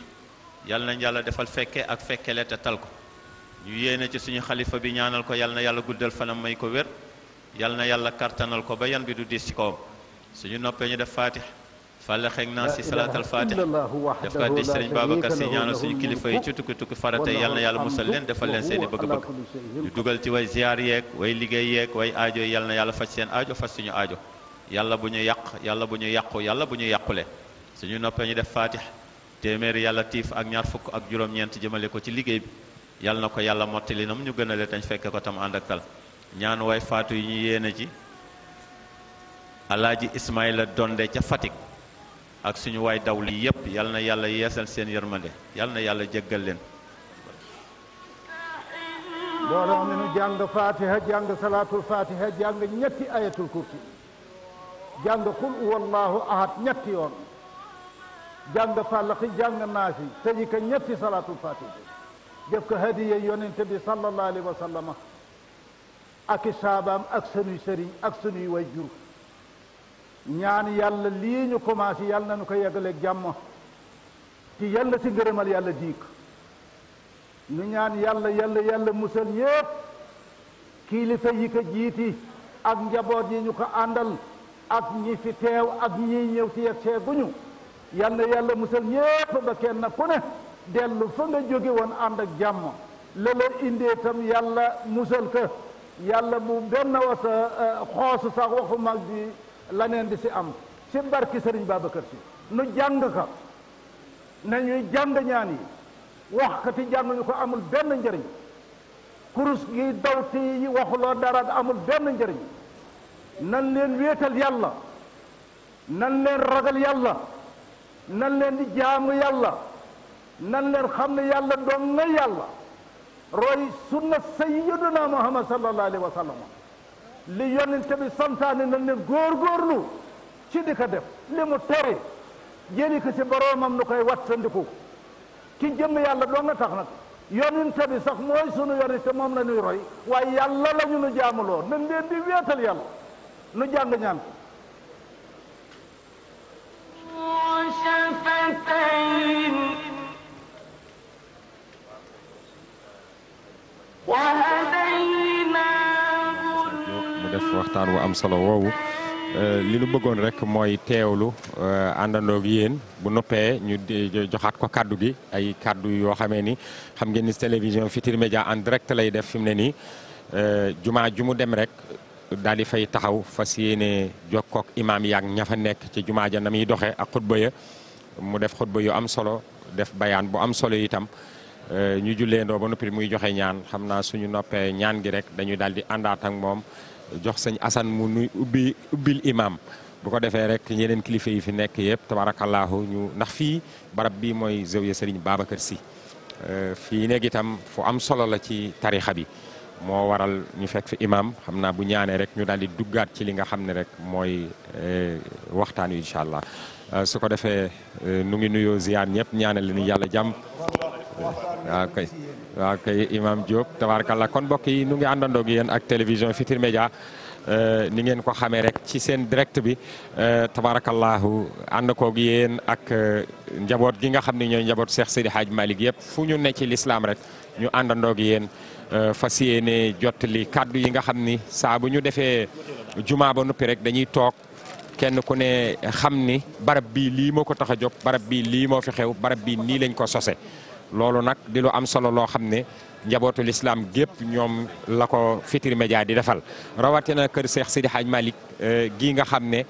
yal nañ yàlla defal fekke ak fekkele te ko ñu yéene ci suñu xalifa bi ñaanal ko yal na yàlla guddal fanam may ko wér yal na yàlla kartanal ko ba yan bi du diis ci kawam suñu noppee ñu def fatih fàlla xeeg naa si salaatal fatih def kaa dij sëriñ Babacar si ñaanal suñu kilifa yi ci tukki tukki farata yal na yàlla musal leen defal leen seen i bëgg-bëgg ñu dugal ci way ziar yeeg way liggéey yeek way aajo yal na yàlla faj seen aajo faj suñu aajo yàlla bu ñu yàq yàlla bu ñu yàqu yàlla bu ñu yàqule suñu noppee ñu def fatih téeméeri yàlla tiif ak ñaar fukk ak juróom-ñeent jëmale ko ci liggéey bi yal na ko yàlla mottali mu ñu gën ale tañ fekk ko tam ànd ak ñaan way faatu yi ñu yéene ci alaaji Ismaïla Donde ca Fatick ak suñu waay daw lii yépp yal na yàlla yeesal seen yërmande yal na yàlla jéggal leen looloo ne nu jàng fatiha jàng salaatul fatiha jàng ñetti ayatul kursi jàng qul huwallahu ahad ñetti yoon jàng fàllaxi jàng naasi tëji ñetti salaatul fatiha def ko hadiya yonente bi sallallahu alayhi wa ak i sëriñ ak sunuy way jur ñaan yàlla lii ñu commencé yàlla nañu ko yeggaleeg jàmm ci yàlla si ngërëmal yàlla diik ñu ñaan yàlla yàlla yàlla musal ñépp kilifa yi ko jiiti ak njaboot yi ñu ko àndal ak ñi fi teew ak ñi ñëw ci yegg seeguñu yàlla yàlla musal ñépp ba kenn ku ne dellu fa nga jóge woon ànd ak jàmm la indee tam yàlla musal ko yàlla bu benn wasa eh, xoosu sax waxu mag bi laneen di si am si barki sëriñ Babacar si nu jàng ka nañuy jàng ñaan yi wax kati jàng ñu ko amul benn njëriñ kurus gi dawti yi waxuloo dara amul benn njëriñ nan leen wéetal yàlla nan leen ragal yàlla nan leen di jaamu yàlla nan leen xam ne yàlla doon na yàlla roy sunna sayyiduna muhammad sallallahu alayhi wa sallam li yonent bi santaane na ne góorgóorlu ci di ko def li mu tere jëli ko ci boroomam nu koy wattandiku ki jëm yàlla doo nga tax nag yonent bi sax mooy sunu yonent moom la ñuy roy waaye yàlla la ñu nu jaamuloo nañ leen di wéetal yàlla nu jàng ñaan ko وهدينا waxtaan wu am solo woowu euh, li nu bëggoon rek mooy teewlu euh, àndandoog yéen bu noppee ñu joxaat ko kaddu gi ay kaddu yoo xamee ni xam ngeen ni télévision Futurs Médias en direct lay def fi mu ne nii euh, jumaa ju mu dem rek daal di fay taxaw fas yéene jokkook imaam yaag ña fa nekk ci jumaa ja na muy doxee ak xutba mu def xutba yu am solo def bayaan bo am solo itam ñu julleendoo ba noppi muy joxe ñaan xam naa suñu noppee ñaan gi rek dañuy daal di àndaat ak moom jox sëñ Assane mu nuy ubbi ubbil imam bu ko defee rek yeneen kilifa yi fi nekk yëpp tabarakallahu ñu ndax fii barab bi mooy zawiya Serigne Babacar Sy euh, fii nekk itam fu am solo la ci tarixa bi moo waral ñu fekk fi imaam xam naa bu ñaanee rek ñu daal di duggaat ci li nga xam ne rek mooy euh, waxtaan wi incha allah euh, su ko defee nu ngi nuyoo ziar ñëpp ñaanal leen yàlla jàmm waaw kay Imam Diop tabaarkalla kon mbokk yi nu ngi àndandoo ak yéen ak télévision Futurs Médias euh, ni ngeen ko xamee rek ci seen direct bi euh, tabarakallahu ànd koog yéen ak euh, njaboot gi nga xam ne ñooy njaboot Cheikh Seydi xaaj Malick yëpp fu ñu ne ci lislaam rek ñu àndandoo ak yéen fas yéene jottali kàddu yi nga xam ni saa bu ñu defee jumaa ba noppi rek dañuy toog kenn ku ne xam ni barab bii lii moo ko tax a jóg barab bii lii moo fi xew barab bii nii lañ ko sose loolu nag di lu am solo loo xam ne njabootu lislaam gépp ñoom la ko Fitri Média di defal rawatina kër Seex Sidi Hadj Malick euh, gii nga xam ne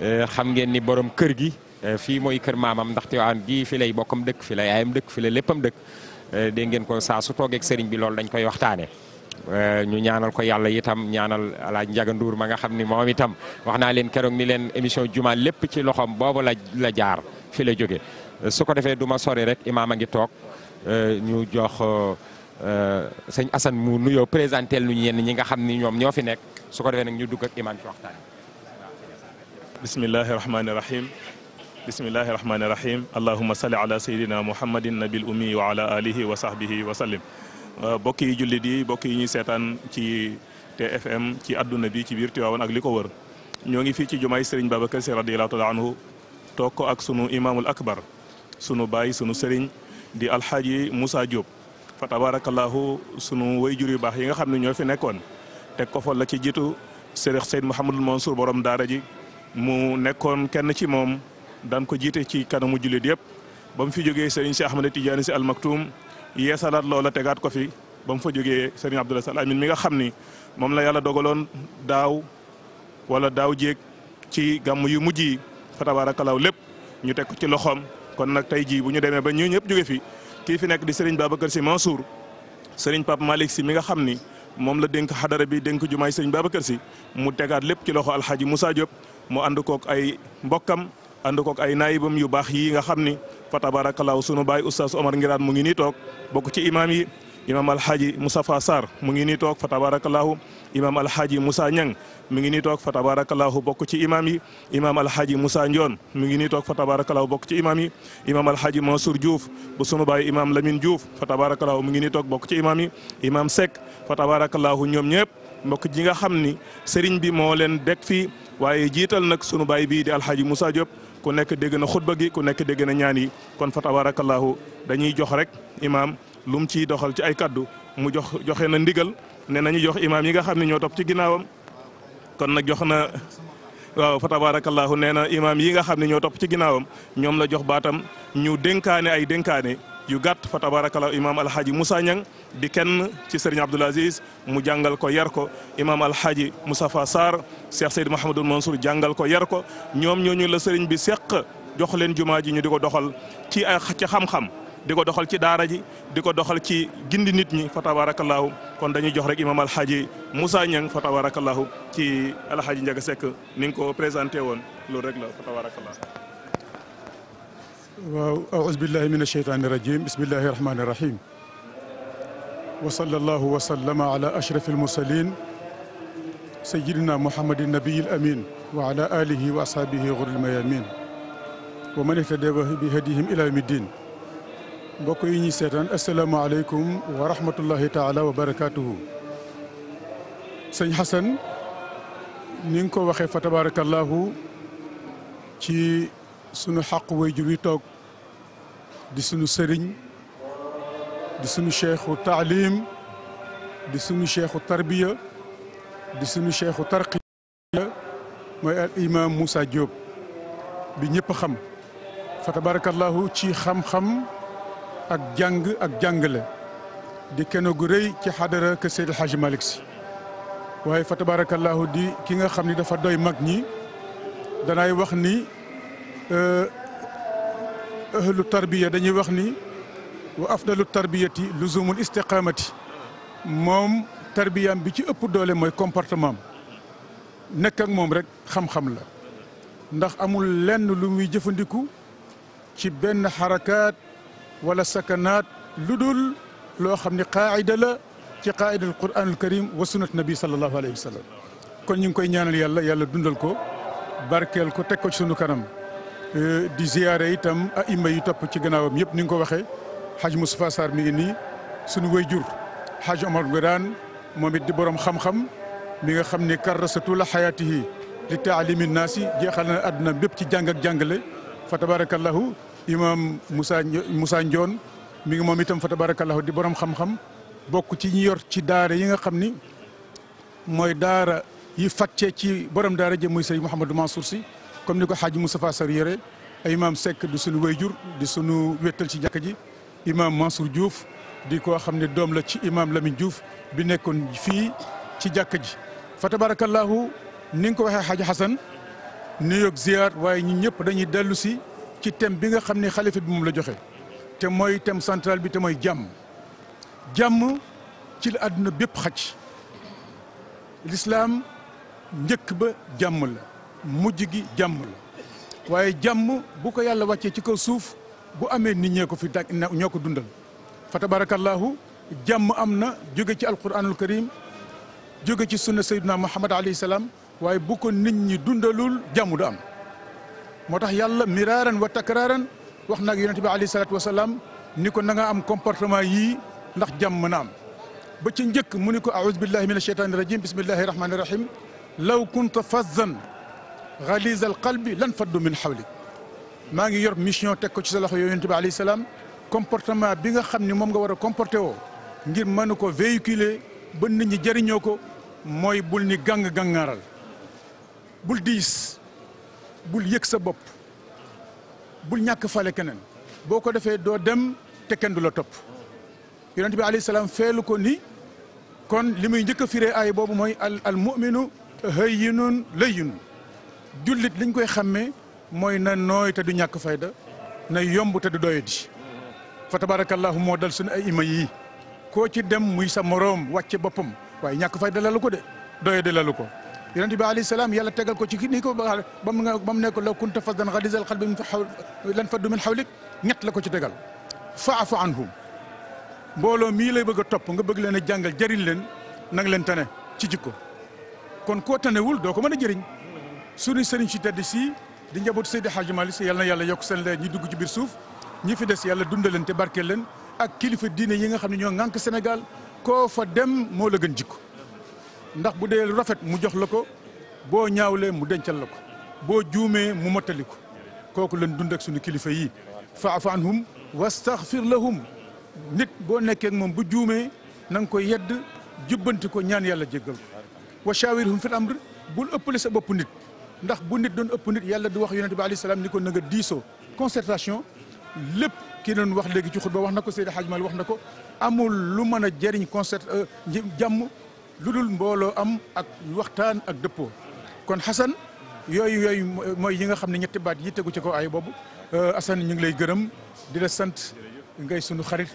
euh, xam ngeen ni borom kër gi euh, fii mooy kër maamam ndax Tiwaawan gii fi lay bokkam dëkk fi la yaayam dëkk fi la léppam dëkk dégg ngeen ko saa su toogeeg sëriñ bi loolu dañ koy waxtaanee. ñu ñaanal ko yàlla yitam ñaanal alaaj Njaga Nduur ma nga xam ni moom itam wax naa leen keroog ni leen émission juma lépp ci loxoom boobu la la jaar fi la jóge ngi toog. Euh, ñu jox euh, euh, sëñ asan mu nuyoo présenté lu ñu yenn ñi nga xam ni ñoom ñoo fi nekk su ko defee nag ñu dugg ak imaam ci waxtaan bismillahi rahmani rahim bismillahi rahmani rahim allahuma salli ala sayidina muhammadin nabil ummi wa ala alihi wa sahbihi wa sallim bokk yi jullit yi bokk yi ñuy seetaan ci TFM ci adduna bi ci biir Tiwaawan ak li ko wër ñoo ngi fii ci jumaay Serigne Babacar Sy radiyallahu taala anhu ak sunu imaamul akbar sunu baay sunu Serigne di alxaaji Moussa Diop fa tabarakallahu sunu wayjur yu baax yi nga xam ne ñoo fi nekkoon teg ko fa la ci jiitu Serigne Seyd Mouhamadul Mansour borom daara ji mu nekkoon kenn ci moom dan ko jiite ci kanamu jullit yëpp ba mu fi jógee Serigne si Ahmad Tidiane si almaktum lool a tegaat ko fi ba mu fa jógee Serigne Abdoulaye Sall Amin mi nga xam ni moom la yàlla dogaloon daaw wala daaw jéeg ci gàmm yu mujj yi fa tabarakallahu lépp ñu teg ko ci loxoom. kon nag tey jii bu ñu demee ba ñu ñëpp jóge fi kii fi nekk di baaba Serigne Babacar Sy Mansour Serigne Pape Malick si mi nga xam ni moom la denk xadara bi dénk jumaay Serigne Babacar Sy mu tegaat lépp ci loxo alxaaji Moussa Diop mu ànd kook ay mbokkam ànd kook ay naayibam yu baax yi nga xam ni fa tabaarakalaaw sunu baay oustaz Omar Ngiraan mu ngi nii toog bokk ci imaam yi imaam alxaaji Moustapha Sarr mu ngi nii toog fa tabaarakallaahu imaam alxaaji Moussa Ñang mi ngi nii toog fa tabaarakallaahu bokk ci imaam yi imaam alxaaji musa Ndion mi ngi nii toog fa tabaarakallaahu bokk ci imaam yi imaam alxaaji Mansour Diouf bu sunu baay imaam Lamine Diouf fa tabaarakallaahu mu ngi nii toog bokk ci imaam yi imaam Seck fa tabaarakallaahu ñoom ñëpp mbokk ji nga xam ni sëriñ bi moo leen dekk fii waaye jiital nag sunu baay bii di alxaaji Moussa Diop ku nekk dégg na xutba gi ku nekk dégg na ñaan yi kon fa tabaarakallaahu dañuy jox rek imaam lu mu ciy doxal ci ay kaddu mu jox joxe na ndigal ne nañu jox imaam yi nga xam ne ñoo topp ci ginnaawam kon nag jox na waaw fa tabarakallahu nee na imaam yi nga xam ne ñoo topp ci ginnaawam ñoom la jox baatam ñu dénkaane ay dénkaane yu gàtt fa tabarakallahu imaam alhaji Moussa Niang di kenn ci Serigne Abdoul Aziz mu jàngal ko yar ko imaam alhaji Moustapha Sarr Cheikh Seyd Mahamadul Mansour jàngal ko yar ko ñoom ñu la Serigne bi seq jox leen jumaa ji ñu di ko doxal ci ay ci xam-xam di ko doxal ci daara ji di ko doxal ci gindi nit ñi fa tabarakallahu kon dañuy jox rek imam alxaaji Moussa Niang fa tabarakallahu ci alxaaji Ndiaga Seck ni nga ko présenté woon loolu rek la fa tabarakallahu waaw aouzu billahi min asheytaani rajim bismillahi rahmani rahim wa sallallahu wa sallama ala ashraf almursalin sayidina muhammadin nabiy alamin wa ala alihi wa ashaabihi ghuril mayamin wa man ihtada bi hadihim ila yawmi ddin mbokk yi ñuy seetaan asalaamaaleykum wa rahmatullahi taala wa barakaatuhu. sëñ Xasan ni ko waxee fa tabarakallahu ci sunu xaq wayjur yi toog di sunu sëriñ di sunu cheikhu taalim di sunu cheikhu tarbiya di sunu cheikhu tarqiya mooy al imam Moussa Diop bi ñëpp xam fa tabarakallahu ci xam-xam. ak jàng ak jàngale di kenn gu rëy ci xadara kër Seydil Hadji malik Sy waaye fa tabarakallahu di ki nga xam ni dafa doy mag ñi danaay wax ni euh, ahlu tarbiya dañuy wax ni wa afdalu tarbiyati luzumul istiqamati moom tarbiyaam bi ci ëpp doole mooy comportement nekk ak moom rek xam-xam la ndax amul lenn lu muy jëfandiku ci benn xarakaat wala sakanaat lu dul loo xam ne qaayida la ci qaayidal quranul karim wa sunnat nabi sallallahu alayhi wa sallam kon ñu ngi koy ñaanal yàlla yàlla dundal ko barkeel ko teg ko ci sunu kanam di ziyaare itam aima yu topp ci gannaawam yëpp ni nga ko waxee xaj Moustapha Sarr mi ngi nii sunu wayjur xaj Omar daan moom it di borom xam-xam mi nga xam ne karrasatu la xayaatihi li taalimi naasi jeexal na àdduna bépp ci jàng ak jàngale fa tabaarakallahu imam musa Moussa Ndione mi moom itam fa tabarakallahu di borom xam-xam bokk ci ñi yor ci daara yi nga xam ni mooy daara yi cee ci borom daara jëm mooy Serigne Mouhamadou Mansour si comme ni ko musa Moustapha Sarr yore ay imam Seck di sunu wayjur di sunu wéttal ci jàkka ji imam Mansour Diouf di koo xam ne doom la ci imam Lamine juuf bi nekkoon fii ci jàkka ji fa tabarakallahu ni ko waxee xaaji Xasan nuyoo ziar waaye ñun ñëpp dañuy dellu si ci thème bi nga xam ne xalifa bi moom la joxe te mooy thème central bi te mooy jàmm jàmm ci la àdduna bépp xaj lislaam njëkk ba jàmm la mujj gi jàmm la waaye jàmm bu ko yàlla wàccee ci kaw suuf bu amee nit ñee ko fi dàq ñoo ko dundal fa tabarakallahu jàmm am na jóge ci alquranul karim jóge ci sunna sayyidina muhammad alayhi waaye bu ko nit ñi dundalul jàmm du am moo tax yàlla miraaran wa takraaran wax nag yonent bi alayhi salaatu wasalaam ni ko na am comportement yii ndax jàmm mën a am ba ci njëkk mu ni ko aoudu billahi min alsheytaani rajim bismillahi rahmaani rahim law kunta fazzan galiza al qalbi lan faddu min hawlik maa ngi yor mission teg ko ci sa loxo yow yonent bi alayhi comportement bi nga xam ni moom nga war a comporté woo ngir mën ko véhiculer ba nit ñi jëriñoo ko mooy bul ni gàng gàngaaral bul diis bul yëg sa bopp bul ñàkk fale keneen boo ko defee doo dem te kenn du la topp yonent bi alayhi salaam feelu ko ni kon li muy njëkk a firee ay boobu mooy al al muminu hayyinun layyinun jullit liñ koy xàmmee mooy na nooy te du ñàkk fayda na yomb te du doyadi fa tabarakallahu moo dal suñu ay ima yi koo ci dem muy sa moroom wàcce boppam waaye ñàkk fayda lalu ko de doyadi lalu ko yonente bi alayhi salaam yàlla tegal ko ci ni ko ba mu nekk law kunta faddan xadisal xalbi min xaw lan faddu min xawlik ñett la ko ci tegal an anhum mbooloo mii lay bëgg a topp nga bëgg leen a jàngal jariñ leen nang leen tane ci jikko kon koo tanewul doo ko mën a jëriñ suñu sëriñ si tedd si di njaboot Seydi Hadji Malick Sy yàlla na yàlla yokk seen leer ñi dugg ci biir suuf ñi fi des yàlla dundaleen te barke leen ak kilifa diine yi nga xam ne ñoo ŋànk Sénégal koo fa dem moo la gën jikko ndax bu dee rafet mu jox la ko boo ñaawlee mu dencal la ko boo juumee mu mottali ko kooku lañ dund ak suñu kilifa yi faafu anhum wastaxfir lahum nit boo nekkee moom bu juumee na nga ko yedd jubbanti ko ñaan yàlla jéggal ko wa shaawirhum fil amr bul le sa bopp nit ndax bu nit doon ëpp nit yàlla di wax yonente bi alayhi salaam ni ko na nga diisoo concertation lépp ki doon wax léegi ci xutba wax na ko Seydi Hadj Mal wax na ko amul lu mën a jëriñ concert euh, jàmm lu dul mbooloo am ak waxtaan ak dëppoo kon Xasan yooyu yooyu mooy yi nga xam ne ñetti baat yi tegu ci ko ay boobu euh, Assane ñu ngi lay gërëm di la sant ngay sunu xarit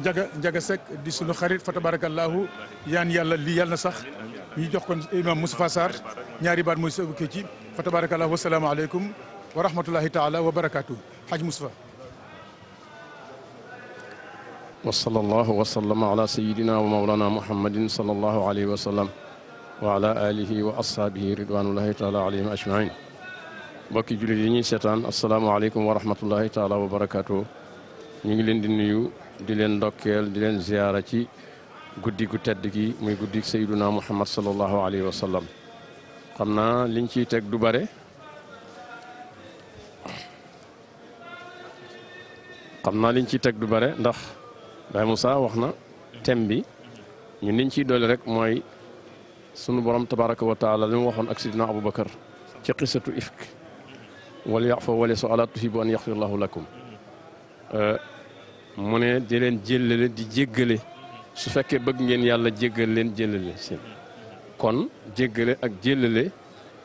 Njaga Njaga Seck di sunu xarit fa tabarakallahu yaan yàlla lii yàlla na sax ñu jox kon imam Moustapha Sarr ñaari baat mooy soobu kii ci fa tabarakallahu wasalaamaaleykum wa rahmatullahi taala wa barakaatu Hadj Moustapha wa sallallahu wa sallama ala sayidina wa mawlana muhammadin sallallahu alayhi wa sallam wa ala alihi wa ashaabihi ridwanullahi taala alayhim ajmain mbokki jullit yi ñuy seetaan asalaamaaleykum wa rahmatullahi taala wa barakaatu ñu ngi leen di nuyu di leen ndokkeel di leen ziyaara ci guddi gu tedd gi muy guddi sayiduna muhammad sallallahu alayhi wa sallam xam naa liñ ciy teg du bare xam naa liñ ciy teg du bare ndax Baye Moussa wax na thème bi ñun liñ ciy doole rek mooy sunu borom tabaraka wa taala mu waxoon ak sidina Aboubacar ci qisatu ifk wala yafa wala so ala tuhibu an yaxfir lahu lakum mu ne di leen jéllale di jéggale su fekkee bëgg ngeen yàlla jéggal leen jéllale seen kon jéggale ak jëllale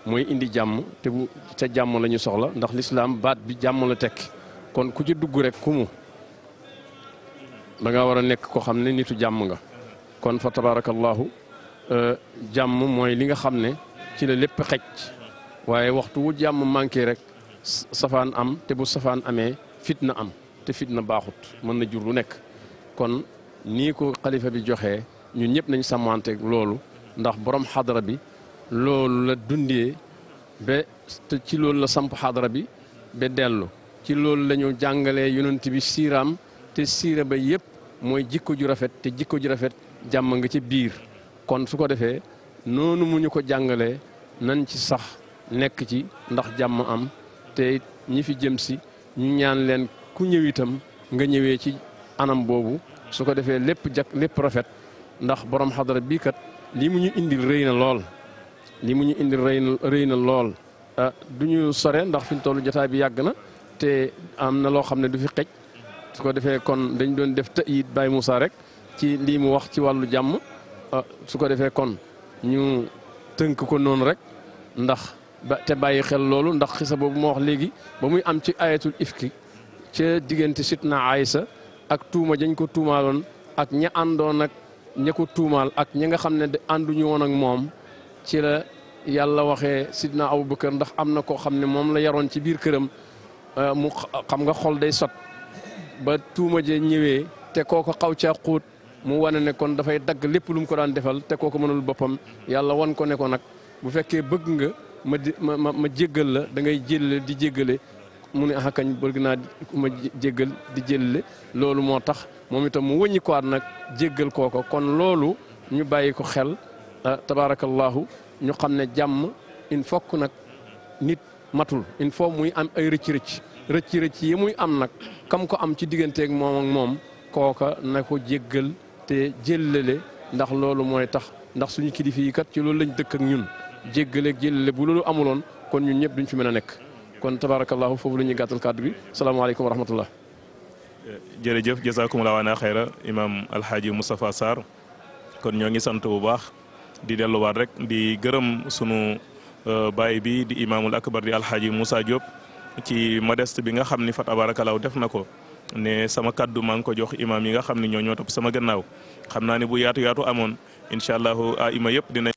mooy indi jàmm te bu ca jàmm lañu soxla ndax lislaam baat bi jàmm la tekk kon ku ci dugg rek ku mu da war a nekk koo xam ne nitu jàmm nga kon fa tabaarakallaahu euh, jàmm mooy li nga xam ne ci la lépp xej waaye waxtu wu jàmm manqué rek safaan am te bu safaan amee fitna am te fitna baaxut mën na jur lu nekk kon nii ko xalifa bi joxe ñun ñëpp nañ sàmmanteeg loolu ndax borom xadara bi loolu la dundee ba te ci loolu la samp xadara bi ba dellu ci loolu la ñu jàngalee yonent bi siiraam te siire ba yëpp mooy jikko ju rafet te jikko ju rafet jàmm nga ci biir kon su ko defee noonu mu ñu ko jàngalee nan ci sax nekk ci ndax jàmm am te ñi fi jëm si ñu ñaan leen ku ñëw itam nga ñëwee ci anam boobu su ko defee lépp jak lépp rafet ndax borom xadara bii kat lii mu ñu indi rëy na lool lii mu ñu indi rëy rëy na lool ah, du ñu sore ndax fi ñu tollu jotaay bi yàgg na te am na loo xam ne du fi xej su ko defee kon dañ doon def tëyit Baye Moussa rek ci lii mu wax ci wàllu jàmm ah, su ko defee kon ñu tënk ko noonu rek ndax ba te bàyyi xel loolu ndax xisa boobu moo wax léegi ba muy am ci ayatul ifki ca diggante na Aysa ak tuuma dañ ko tuumaaloon ak ña àndoon ak ña ko tuumaal ak ñi nga xam ne ànduñu woon ak moom ci la yàlla waxee sidna kër ndax am na koo xam ne moom la yaroon ci biir këram ah, mu xam nga xol day sot ba tuuma jee ñëwee te kooko xaw caa xuut mu wane ne kon dafay dagg lépp lu mu ko daan defal te kooko mënul boppam yàlla wan ko ne ko nag bu fekkee bëgg nga ma di ma ma ma jéggal la dangay ngay di jéggale mu ne ah kañ bëgg naa ma jéggal di jéllale loolu moo tax moom itam mu wëññi ko waat nag jéggal kooko kon loolu ñu bàyyi ko xel ah, tabaarakallaahu ñu xam ne jàmm il faut nag nit matul il faut muy am ay rëcc rëcc rëcc rëcc yi muy am nag kam ko am ci digganteek moom moom kooka na ko jéggal te jëllale ndax loolu mooy tax ndax suñu kilifa yi kat ci loolu lañ dëkk ak ñun jéggale ak bu loolu amuloon kon ñun ñëpp duñ fi mën a nekk kon tabaarakallaahu foofu la ñuy gàttal kàddu bi salaamaaleykum wa rahmatullah jërëjëf jazakumullahu ana xayra imam alhaaji Moustapha Sarr kon ñoo ngi sant bu baax di delluwaat rek di gërëm sunu euh, baay bi di imaamul akbar di alhaaji Moussa Diop ci modeste bi nga xam ni fa tabarakalaw def na ko ne sama kaddu maa ngi ko jox imam yi nga xam ne ñoo ñoo topp sama gannaaw xam naa ne bu yaatu yaatu amoon a ima yëpp dina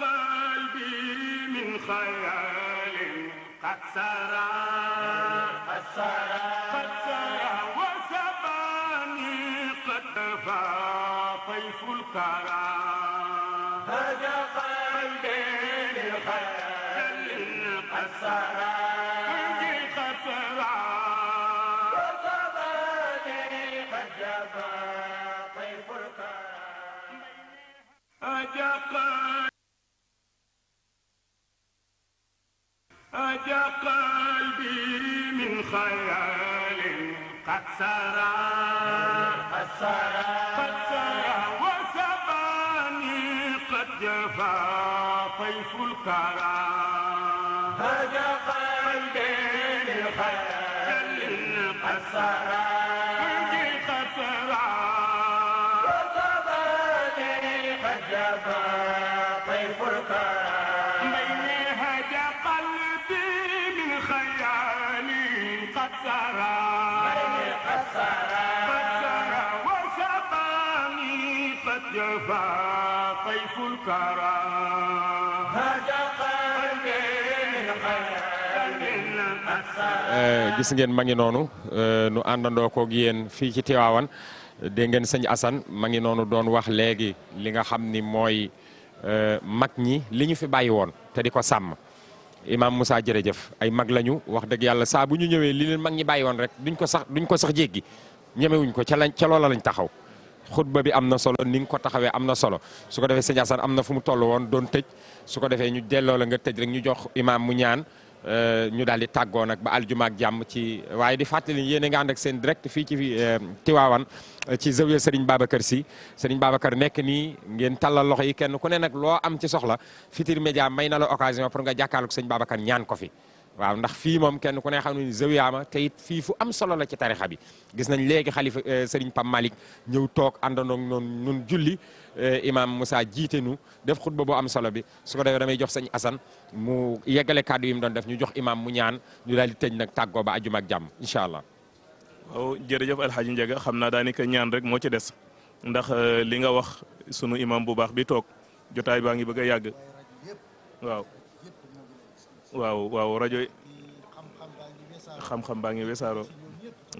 قلبي من خيال قد سرى قد سرى قد سرى وسباني قد دفى طيف الكرى هدى قلبي من خيال قد سرى قد سرى وسباني قد دفى طيف الكرى هدى قلبي وجا قلبي من خيال قد سرى قد سرى قد سرى وسباني قد جفا طيف الكرى gis ngeen ma ngi noonu euh, nu àndandoo koog yéen fii ci Tiwaawan dégg ngeen sëñ Assane ma ngi noonu doon wax léegi li nga xam ni mooy euh, mag ñi li ñu fi bàyyi woon te di ko sàmm Imam Moussa jërëjëf ay mag lañu wax dëgg yàlla saa bu ñu ñëwee li leen mag ñi bàyyi woon rek duñ ko sax duñ ko sax jéggi ñemewuñ ko ca lañ ca loola lañ taxaw xutba bi am na solo ni nga ko taxawee am na solo su ko defee sëñ Assane am na fu mu toll woon doon tëj su ko defee ñu delloo nga tëj rek ñu jox imam mu ñaan Euh, ñu daal di tàggoo nag ba aljuma ak jàmm ci waaye di fàttali yéen a ngi ànd ak seen direct fii ci euh, Tiwaawan euh, ci zawiya Serigne Babacar Sy Serigne Babacar nekk nii ngeen tallal loxo yi kenn ku ne nag loo am ci soxla Futurs Médias may na la occasion pour nga jàkkaarloog Serigne Babacar ñaan ko fi. waaw ndax fii moom kenn ku ne xam ne zawiyaama te it fii fu am solo la ci tarixa bi gis nañ léegi xalifa Serigne Pam Malick ñëw toog àndandoo noonu ñun julli. Euh, imam Moussa jiite nu def ba bu am solo bi su ko defee damay jox sëñ Assane mu yeggale kàddu yi mu doon def ñu jox imam mu ñaan ñu daal di tëj nag tàggoo ba àjjuma ak jàmm incha allah. waaw jërëjëf Alhaji Ndiaga xam naa daanaka ñaan rek moo ci des ndax euh, li nga wax sunu imam bu baax bi toog jotaay baa ngi bëgg a yàgg waaw. waaw waaw rajo xam-xam baa ngi wesaaroo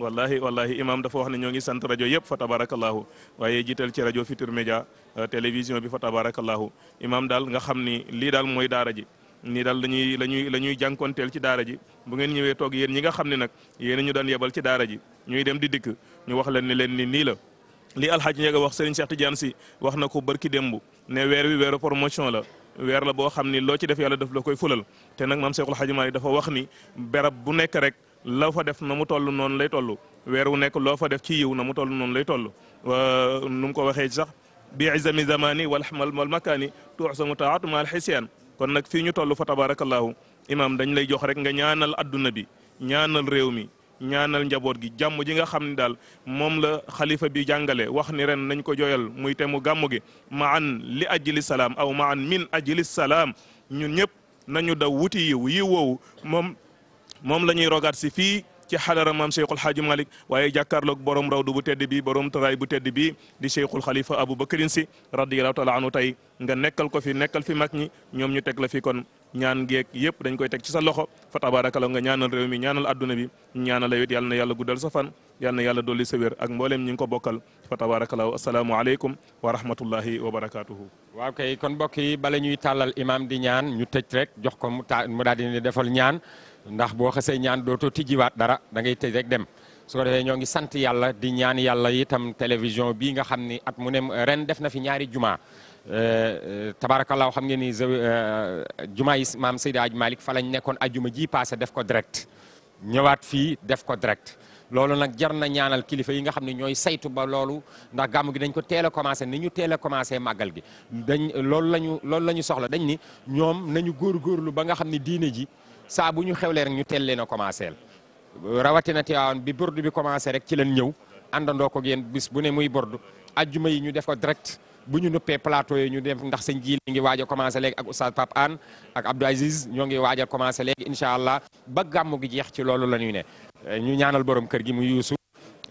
wallahi wallahi imam dafa wax ne ñoo ngi sant rajo yëpp fa tabarakallahu waaye jiital ci rajo Futurs Médias euh, télévision bi fa tabarakallahu imam daal nga xam ni lii daal mooy daara ji nii daal lañuy la ñuy la ñuy jànkonteel ci daara ji bu ngeen ñëwee toog yéen ñi nga xam ne nag yéen ñu daan yebal ci daara ji ñuy dem di dikk ñu wax leen ne leen ni nii la li alxaaj Ndiaga wax Serigne Cheikh Tidiane si wax na ko barki démb ne weer wi weeru promotion la weer la boo xam ni la fa def na mu toll noonu lay toll weer wu nekk loo fa def ci yiw na mu toll noonu lay toll nu mu ko waxee sax bi izami zamani wal xamal mal makaani tuuxsamu taatu ma xisiyaan kon nag fii ñu toll fa tabaarakallaahu imaam dañ lay jox rek nga ñaanal adduna bi ñaanal réew mi ñaanal njaboot gi jàmm ji nga xam ne daal moom la xalifa bi jàngale wax ni ren nañ ko joyal muy te mu gàmm gi maan li ajli salaam aw maan min ajli salaam ñun ñëpp nañu daw wuti yiw yiw woowu moom la ñuy rogaat si fii ci xadara maam Cheikhul Xaaji Malick waaye jàkkaarloog borom rawdu bu tedd bi borom taraay bu tedd bi di Cheikhul Xalifa Aboubacarin si radiyallahu taala anhu tey nga nekkal ko fi nekkal fi mag ñi ñoom ñu teg la fi kon ñaan geek yëpp dañ koy teg ci sa loxo fa tabaaraka la nga ñaanal réew mi ñaanal adduna bi ñaanal yow it yàlla na yàlla guddal sa fan yàlla na yàlla dolli sa wér ak mboolem ñi ngi ko bokkal fa tabaaraka la asalaamualeykum wa rahmatullahi wa barakaatuhu. waaw kay yi bala ñuy tàllal imam di ñaan ñu tëj rek jox ko mu ta mu daal di ndax boo xasee ñaan dootoo tijjiwaat dara da ngay rek dem su ko defee ñoo ngi sant yàlla di ñaan yàlla itam télévision bii nga xam ni at mu ne ren def na fi ñaari juma euh, euh, tabaarakallaa xam ngeen ni euh, juma yi maam Seydi Aj Malick fa lañ nekkoon ajuma ji passé def ko direct ñëwaat fi def ko direct. loolu nag jar na ñaanal kilifa yi nga xam ne ñooy saytu ba loolu ndax gàmm gi dañ ko teel a commencé ni ñu teel a commencé màggal gi dañ loolu la ñu soxla dañ ni ñoom nañu góorgóorlu ba nga xam ne diine ji. saa bu ñu xewle rek ñu teel leen a commencé rawatina Tivaouane bi bordu bi commencé rek ci lañ ñëw àndandoo ko yéen bis bu ne muy bordu ajjuma yi ñu def ko direct bu ñu nëppee plateau yi ñu def ndax sëñ ji ngi waaja a commencé léegi ak oustaz Pape Anne ak Abdou Aziz ñoo ngi waaja a commencé léegi incha allah ba gàmmu gi jeex ci loolu la ñuy ne ñu ñaanal borom kër gi mu yuusu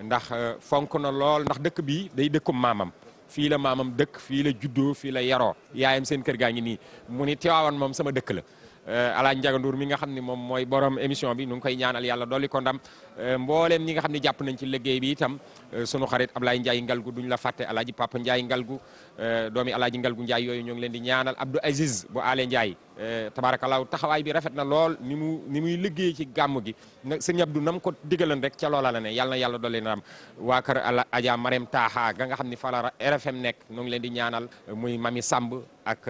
ndax euh, fonk na lool ndax dëkk bi day dëkkum maamam fii la maamam dëkk fii la juddoo fii la yaroo yaayam seen kër gaa ngi nii mu ni Tivaouane moom sama dëkk la Euh, alaaj Ndiaga Ndour mi nga xam ne moom mooy borom émission bi nu ngi koy ñaanal yàlla dolli ko ndam euh, mbooleem ñi nga xam ne jàpp nañ ci liggéey bi itam euh, sunu xarit Ablaye Ndiaye Ngalgu duñ la fàtte alaaji Papa Ndiaye Ngalgu Euh, doomi alaaji ngal gu Ndiaye yooyu ñoo ngi leen di ñaanal Abdou Aziz bu Aale Ndiaye euh, law taxawaay bi rafet na lool ni mu ni muy liggéey ci gàmm gi nag sëñ Abdou nam ko digalan rek ca loola la ne yàlla yàlla dolli na am waa kër ala Adja Marème Taaxa ga nga xam ni fa la nekk ñoo ngi leen di ñaanal euh, muy Mami Samb ak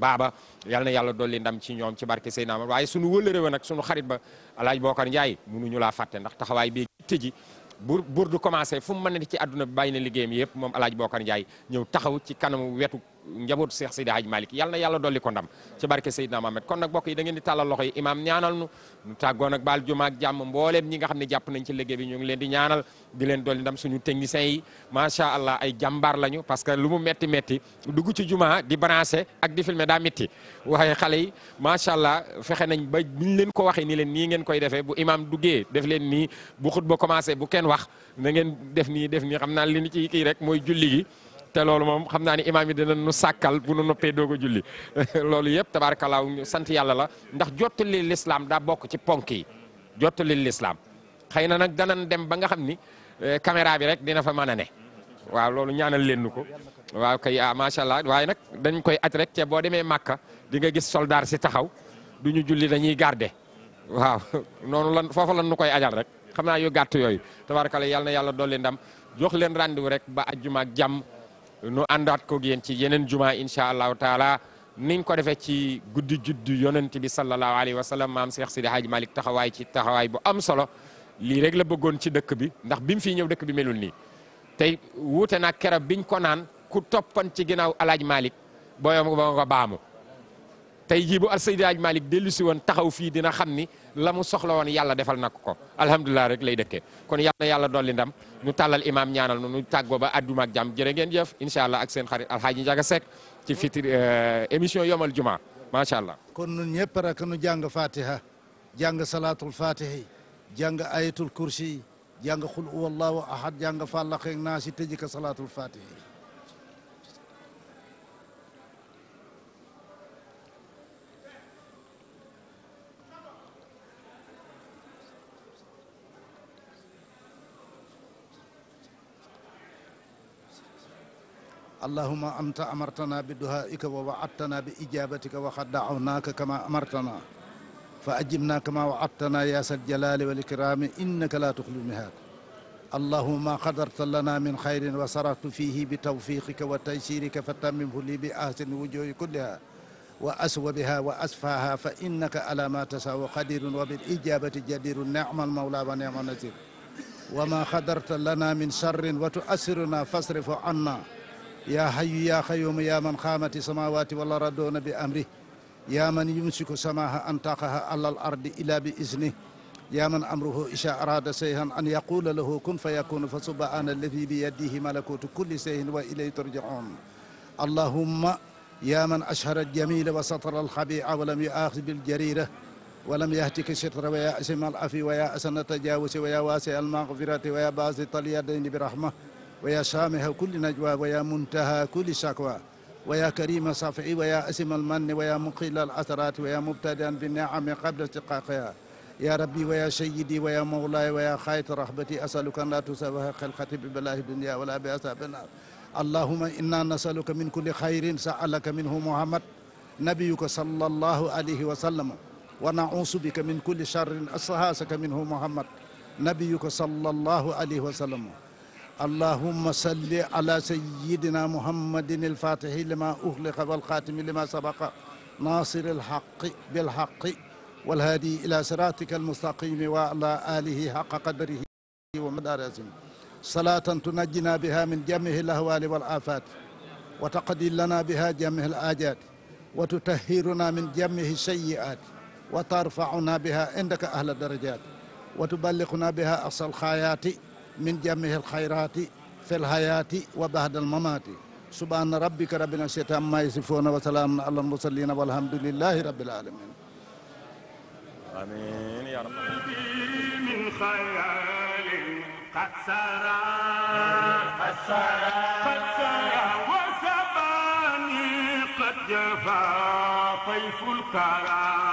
Baba yàlla na yàlla dolli ndam ci ñoom ci barke Seydina waaye sunu wëlëre wa nag sunu xarit ba alaaj Bokar mu mënuñu laa fàtte ndax taxawaay bi tëji bu commencé fu mu mën ne ci àdduna bi bàyyi na liggéeyam yëpp moom El Hadj Bokar Ndiaye ñëw taxaw ci kanamu wetu njabootu Seex Seydi Haj Malick yal na yàlla dolli ko ndam ci barke Seydina Mohamed kon nag mbokk yi da ngeen di tàllal loxo yi imaam ñaanal nu nu tàggoon ak baal juma ak jàmm mbooleem ñi nga xam ne jàpp nañ ci liggéey bi ñu ngi leen di ñaanal di leen dolli ndam suñu techniciens yi allah ay jàmbaar lañu parce que lu mu metti metti dugg juma di branché ak di filmer daa métti waaye xale yi allah fexe nañ ba buñ leen ko waxee ni leen nii ngeen koy defee bu imaam duggee def leen nii bu xutba commencé bu kenn wax na nii def nii xam naa li ni ci kii rek mooy julli gi te loolu moom xam naa ne imaam yi dina nu sàkkal bu nu noppee doog a julli *laughs* loolu yëpp tabaarkalaaw ñu sant yàlla la ndax jottali lislaam daa bokk ci ponk yi jottali lislaam xëy na nag danañ dem ba nga xam ni eh, caméra bi rek dina fa mën a ne waaw loolu ñaanal leen ko waaw kay ah allah waaye nag dañ koy at rek te boo demee Màkka di nga gis soldaar si taxaw du ñu julli dañuy garder waaw *laughs* noonu lan foofu lan nu koy ajal rek xam naa yu gàtt yooyu tabaarkalaaw yàlla yàlla dolli leen rendez-vous rek jàmm nu àndaat ko yéen ci yeneen juma incha allahu taala niñ ko defee ci guddi juddu yonent bi sallallahu alayhi wa sallam maam Cheikh Sidi Hadj Malick taxawaay ci taxawaay bu am solo lii rek la bëggoon ci dëkk bi ndax bi mu fii ñëw dëkk bi melul nii tey wuute nag keroog biñ ko naan ku toppan ci ginnaaw alaaj Malick booyam ba nga ko baamu. tey jii al Seydi Aj Malick dellu si taxaw fii dina xam ni la mu soxla woon yàlla defal na ko alhamdulilah rek lay dëkkee kon yàlla yàlla dolli ndam ñu tàllal imaam ñaanal nu tàggoo ba àdduma ak jàmm jërë ngeen jëf incha allah ak seen xarit Alhaji Ndiaga Seck ci fitir euh, émission yomal juma macha allah. kon ñun ñëpp nu jàng fatiha jàng salatul fatihi jàng ayatul kursi jàng xul huwallahu ahad jàng fàllaxeeg naa si tëjee ko salatul allahuma anta amartana bi duhaika wa waadtana bi ijabatika wa qad daawnaaka kama amartana fa ajibna kama waadtana ya sal jalali wal ikrami innaka la tuxlil mihaad allahuma qadarta lana min xayrin wa saratu fihi bi tawfiqika wa taysirika fa tammimhu li bi ahsani wujuhi kulliha wa aswabiha wa asfaha fa innaka ala ma tasaau qadirun wa bil ijabati jadirun nicma almawla wa nicma nasir wa ma qadarta lana min charrin wa tuassiruna fasrifu anna يا حي يا قيوم يا من قامت السماوات والأرض دون بأمره يا من يمسك سماها أن تقع على الأرض إلا بإذنه يا من أمره إذا أراد شيئا أن يقول له كن فيكون فسبحان الذي بيده ملكوت كل شيء وإليه ترجعون اللهم يا من أشهر الجميل وستر الخبيع ولم يؤاخذ بالجريرة ولم يهتك الشطر ويا أسم العفي ويا أسن التجاوز ويا واسع المغفرة ويا باسط اليدين برحمه ويا سامح كل نجوى ويا منتهى كل شكوى ويا كريم الصفع ويا اسم المن ويا مقيل العثرات ويا مبتدا بالنعم قبل استحقاقها يا ربي ويا سيدي ويا مولاي ويا خيط رحبتي أسألك أن لا تسوها خلقتي ببلاه الدنيا ولا بأساب النار اللهم إنا نسألك من كل خير سألك منه محمد نبيك صلى الله عليه وسلم ونعوذ بك من كل شر أسهاسك منه محمد نبيك صلى الله عليه وسلم اللهم صل على سيدنا محمد الفاتح لما أغلق والخاتم لما سبق ناصر الحق بالحق والهادي إلى صراطك المستقيم وعلى آله حق قدره ومدار أزمه صلاة تنجنا بها من جميع الأهوال والآفات وتقضي لنا بها جميع الآجات وتطهرنا من جميع السيئات وترفعنا بها عندك أهل الدرجات وتبلغنا بها أقصى الخايات min jamihil hayrati fil hayati wa bahdal mamati subhana rabbika rabbil izzati amma yasifuna wa salamun alal mursalin walhamdulillahi rabbil alamin amin ya rabbal alamin min khayalin qad sara qad sara qad sara wa sabani qad jafa tayful karam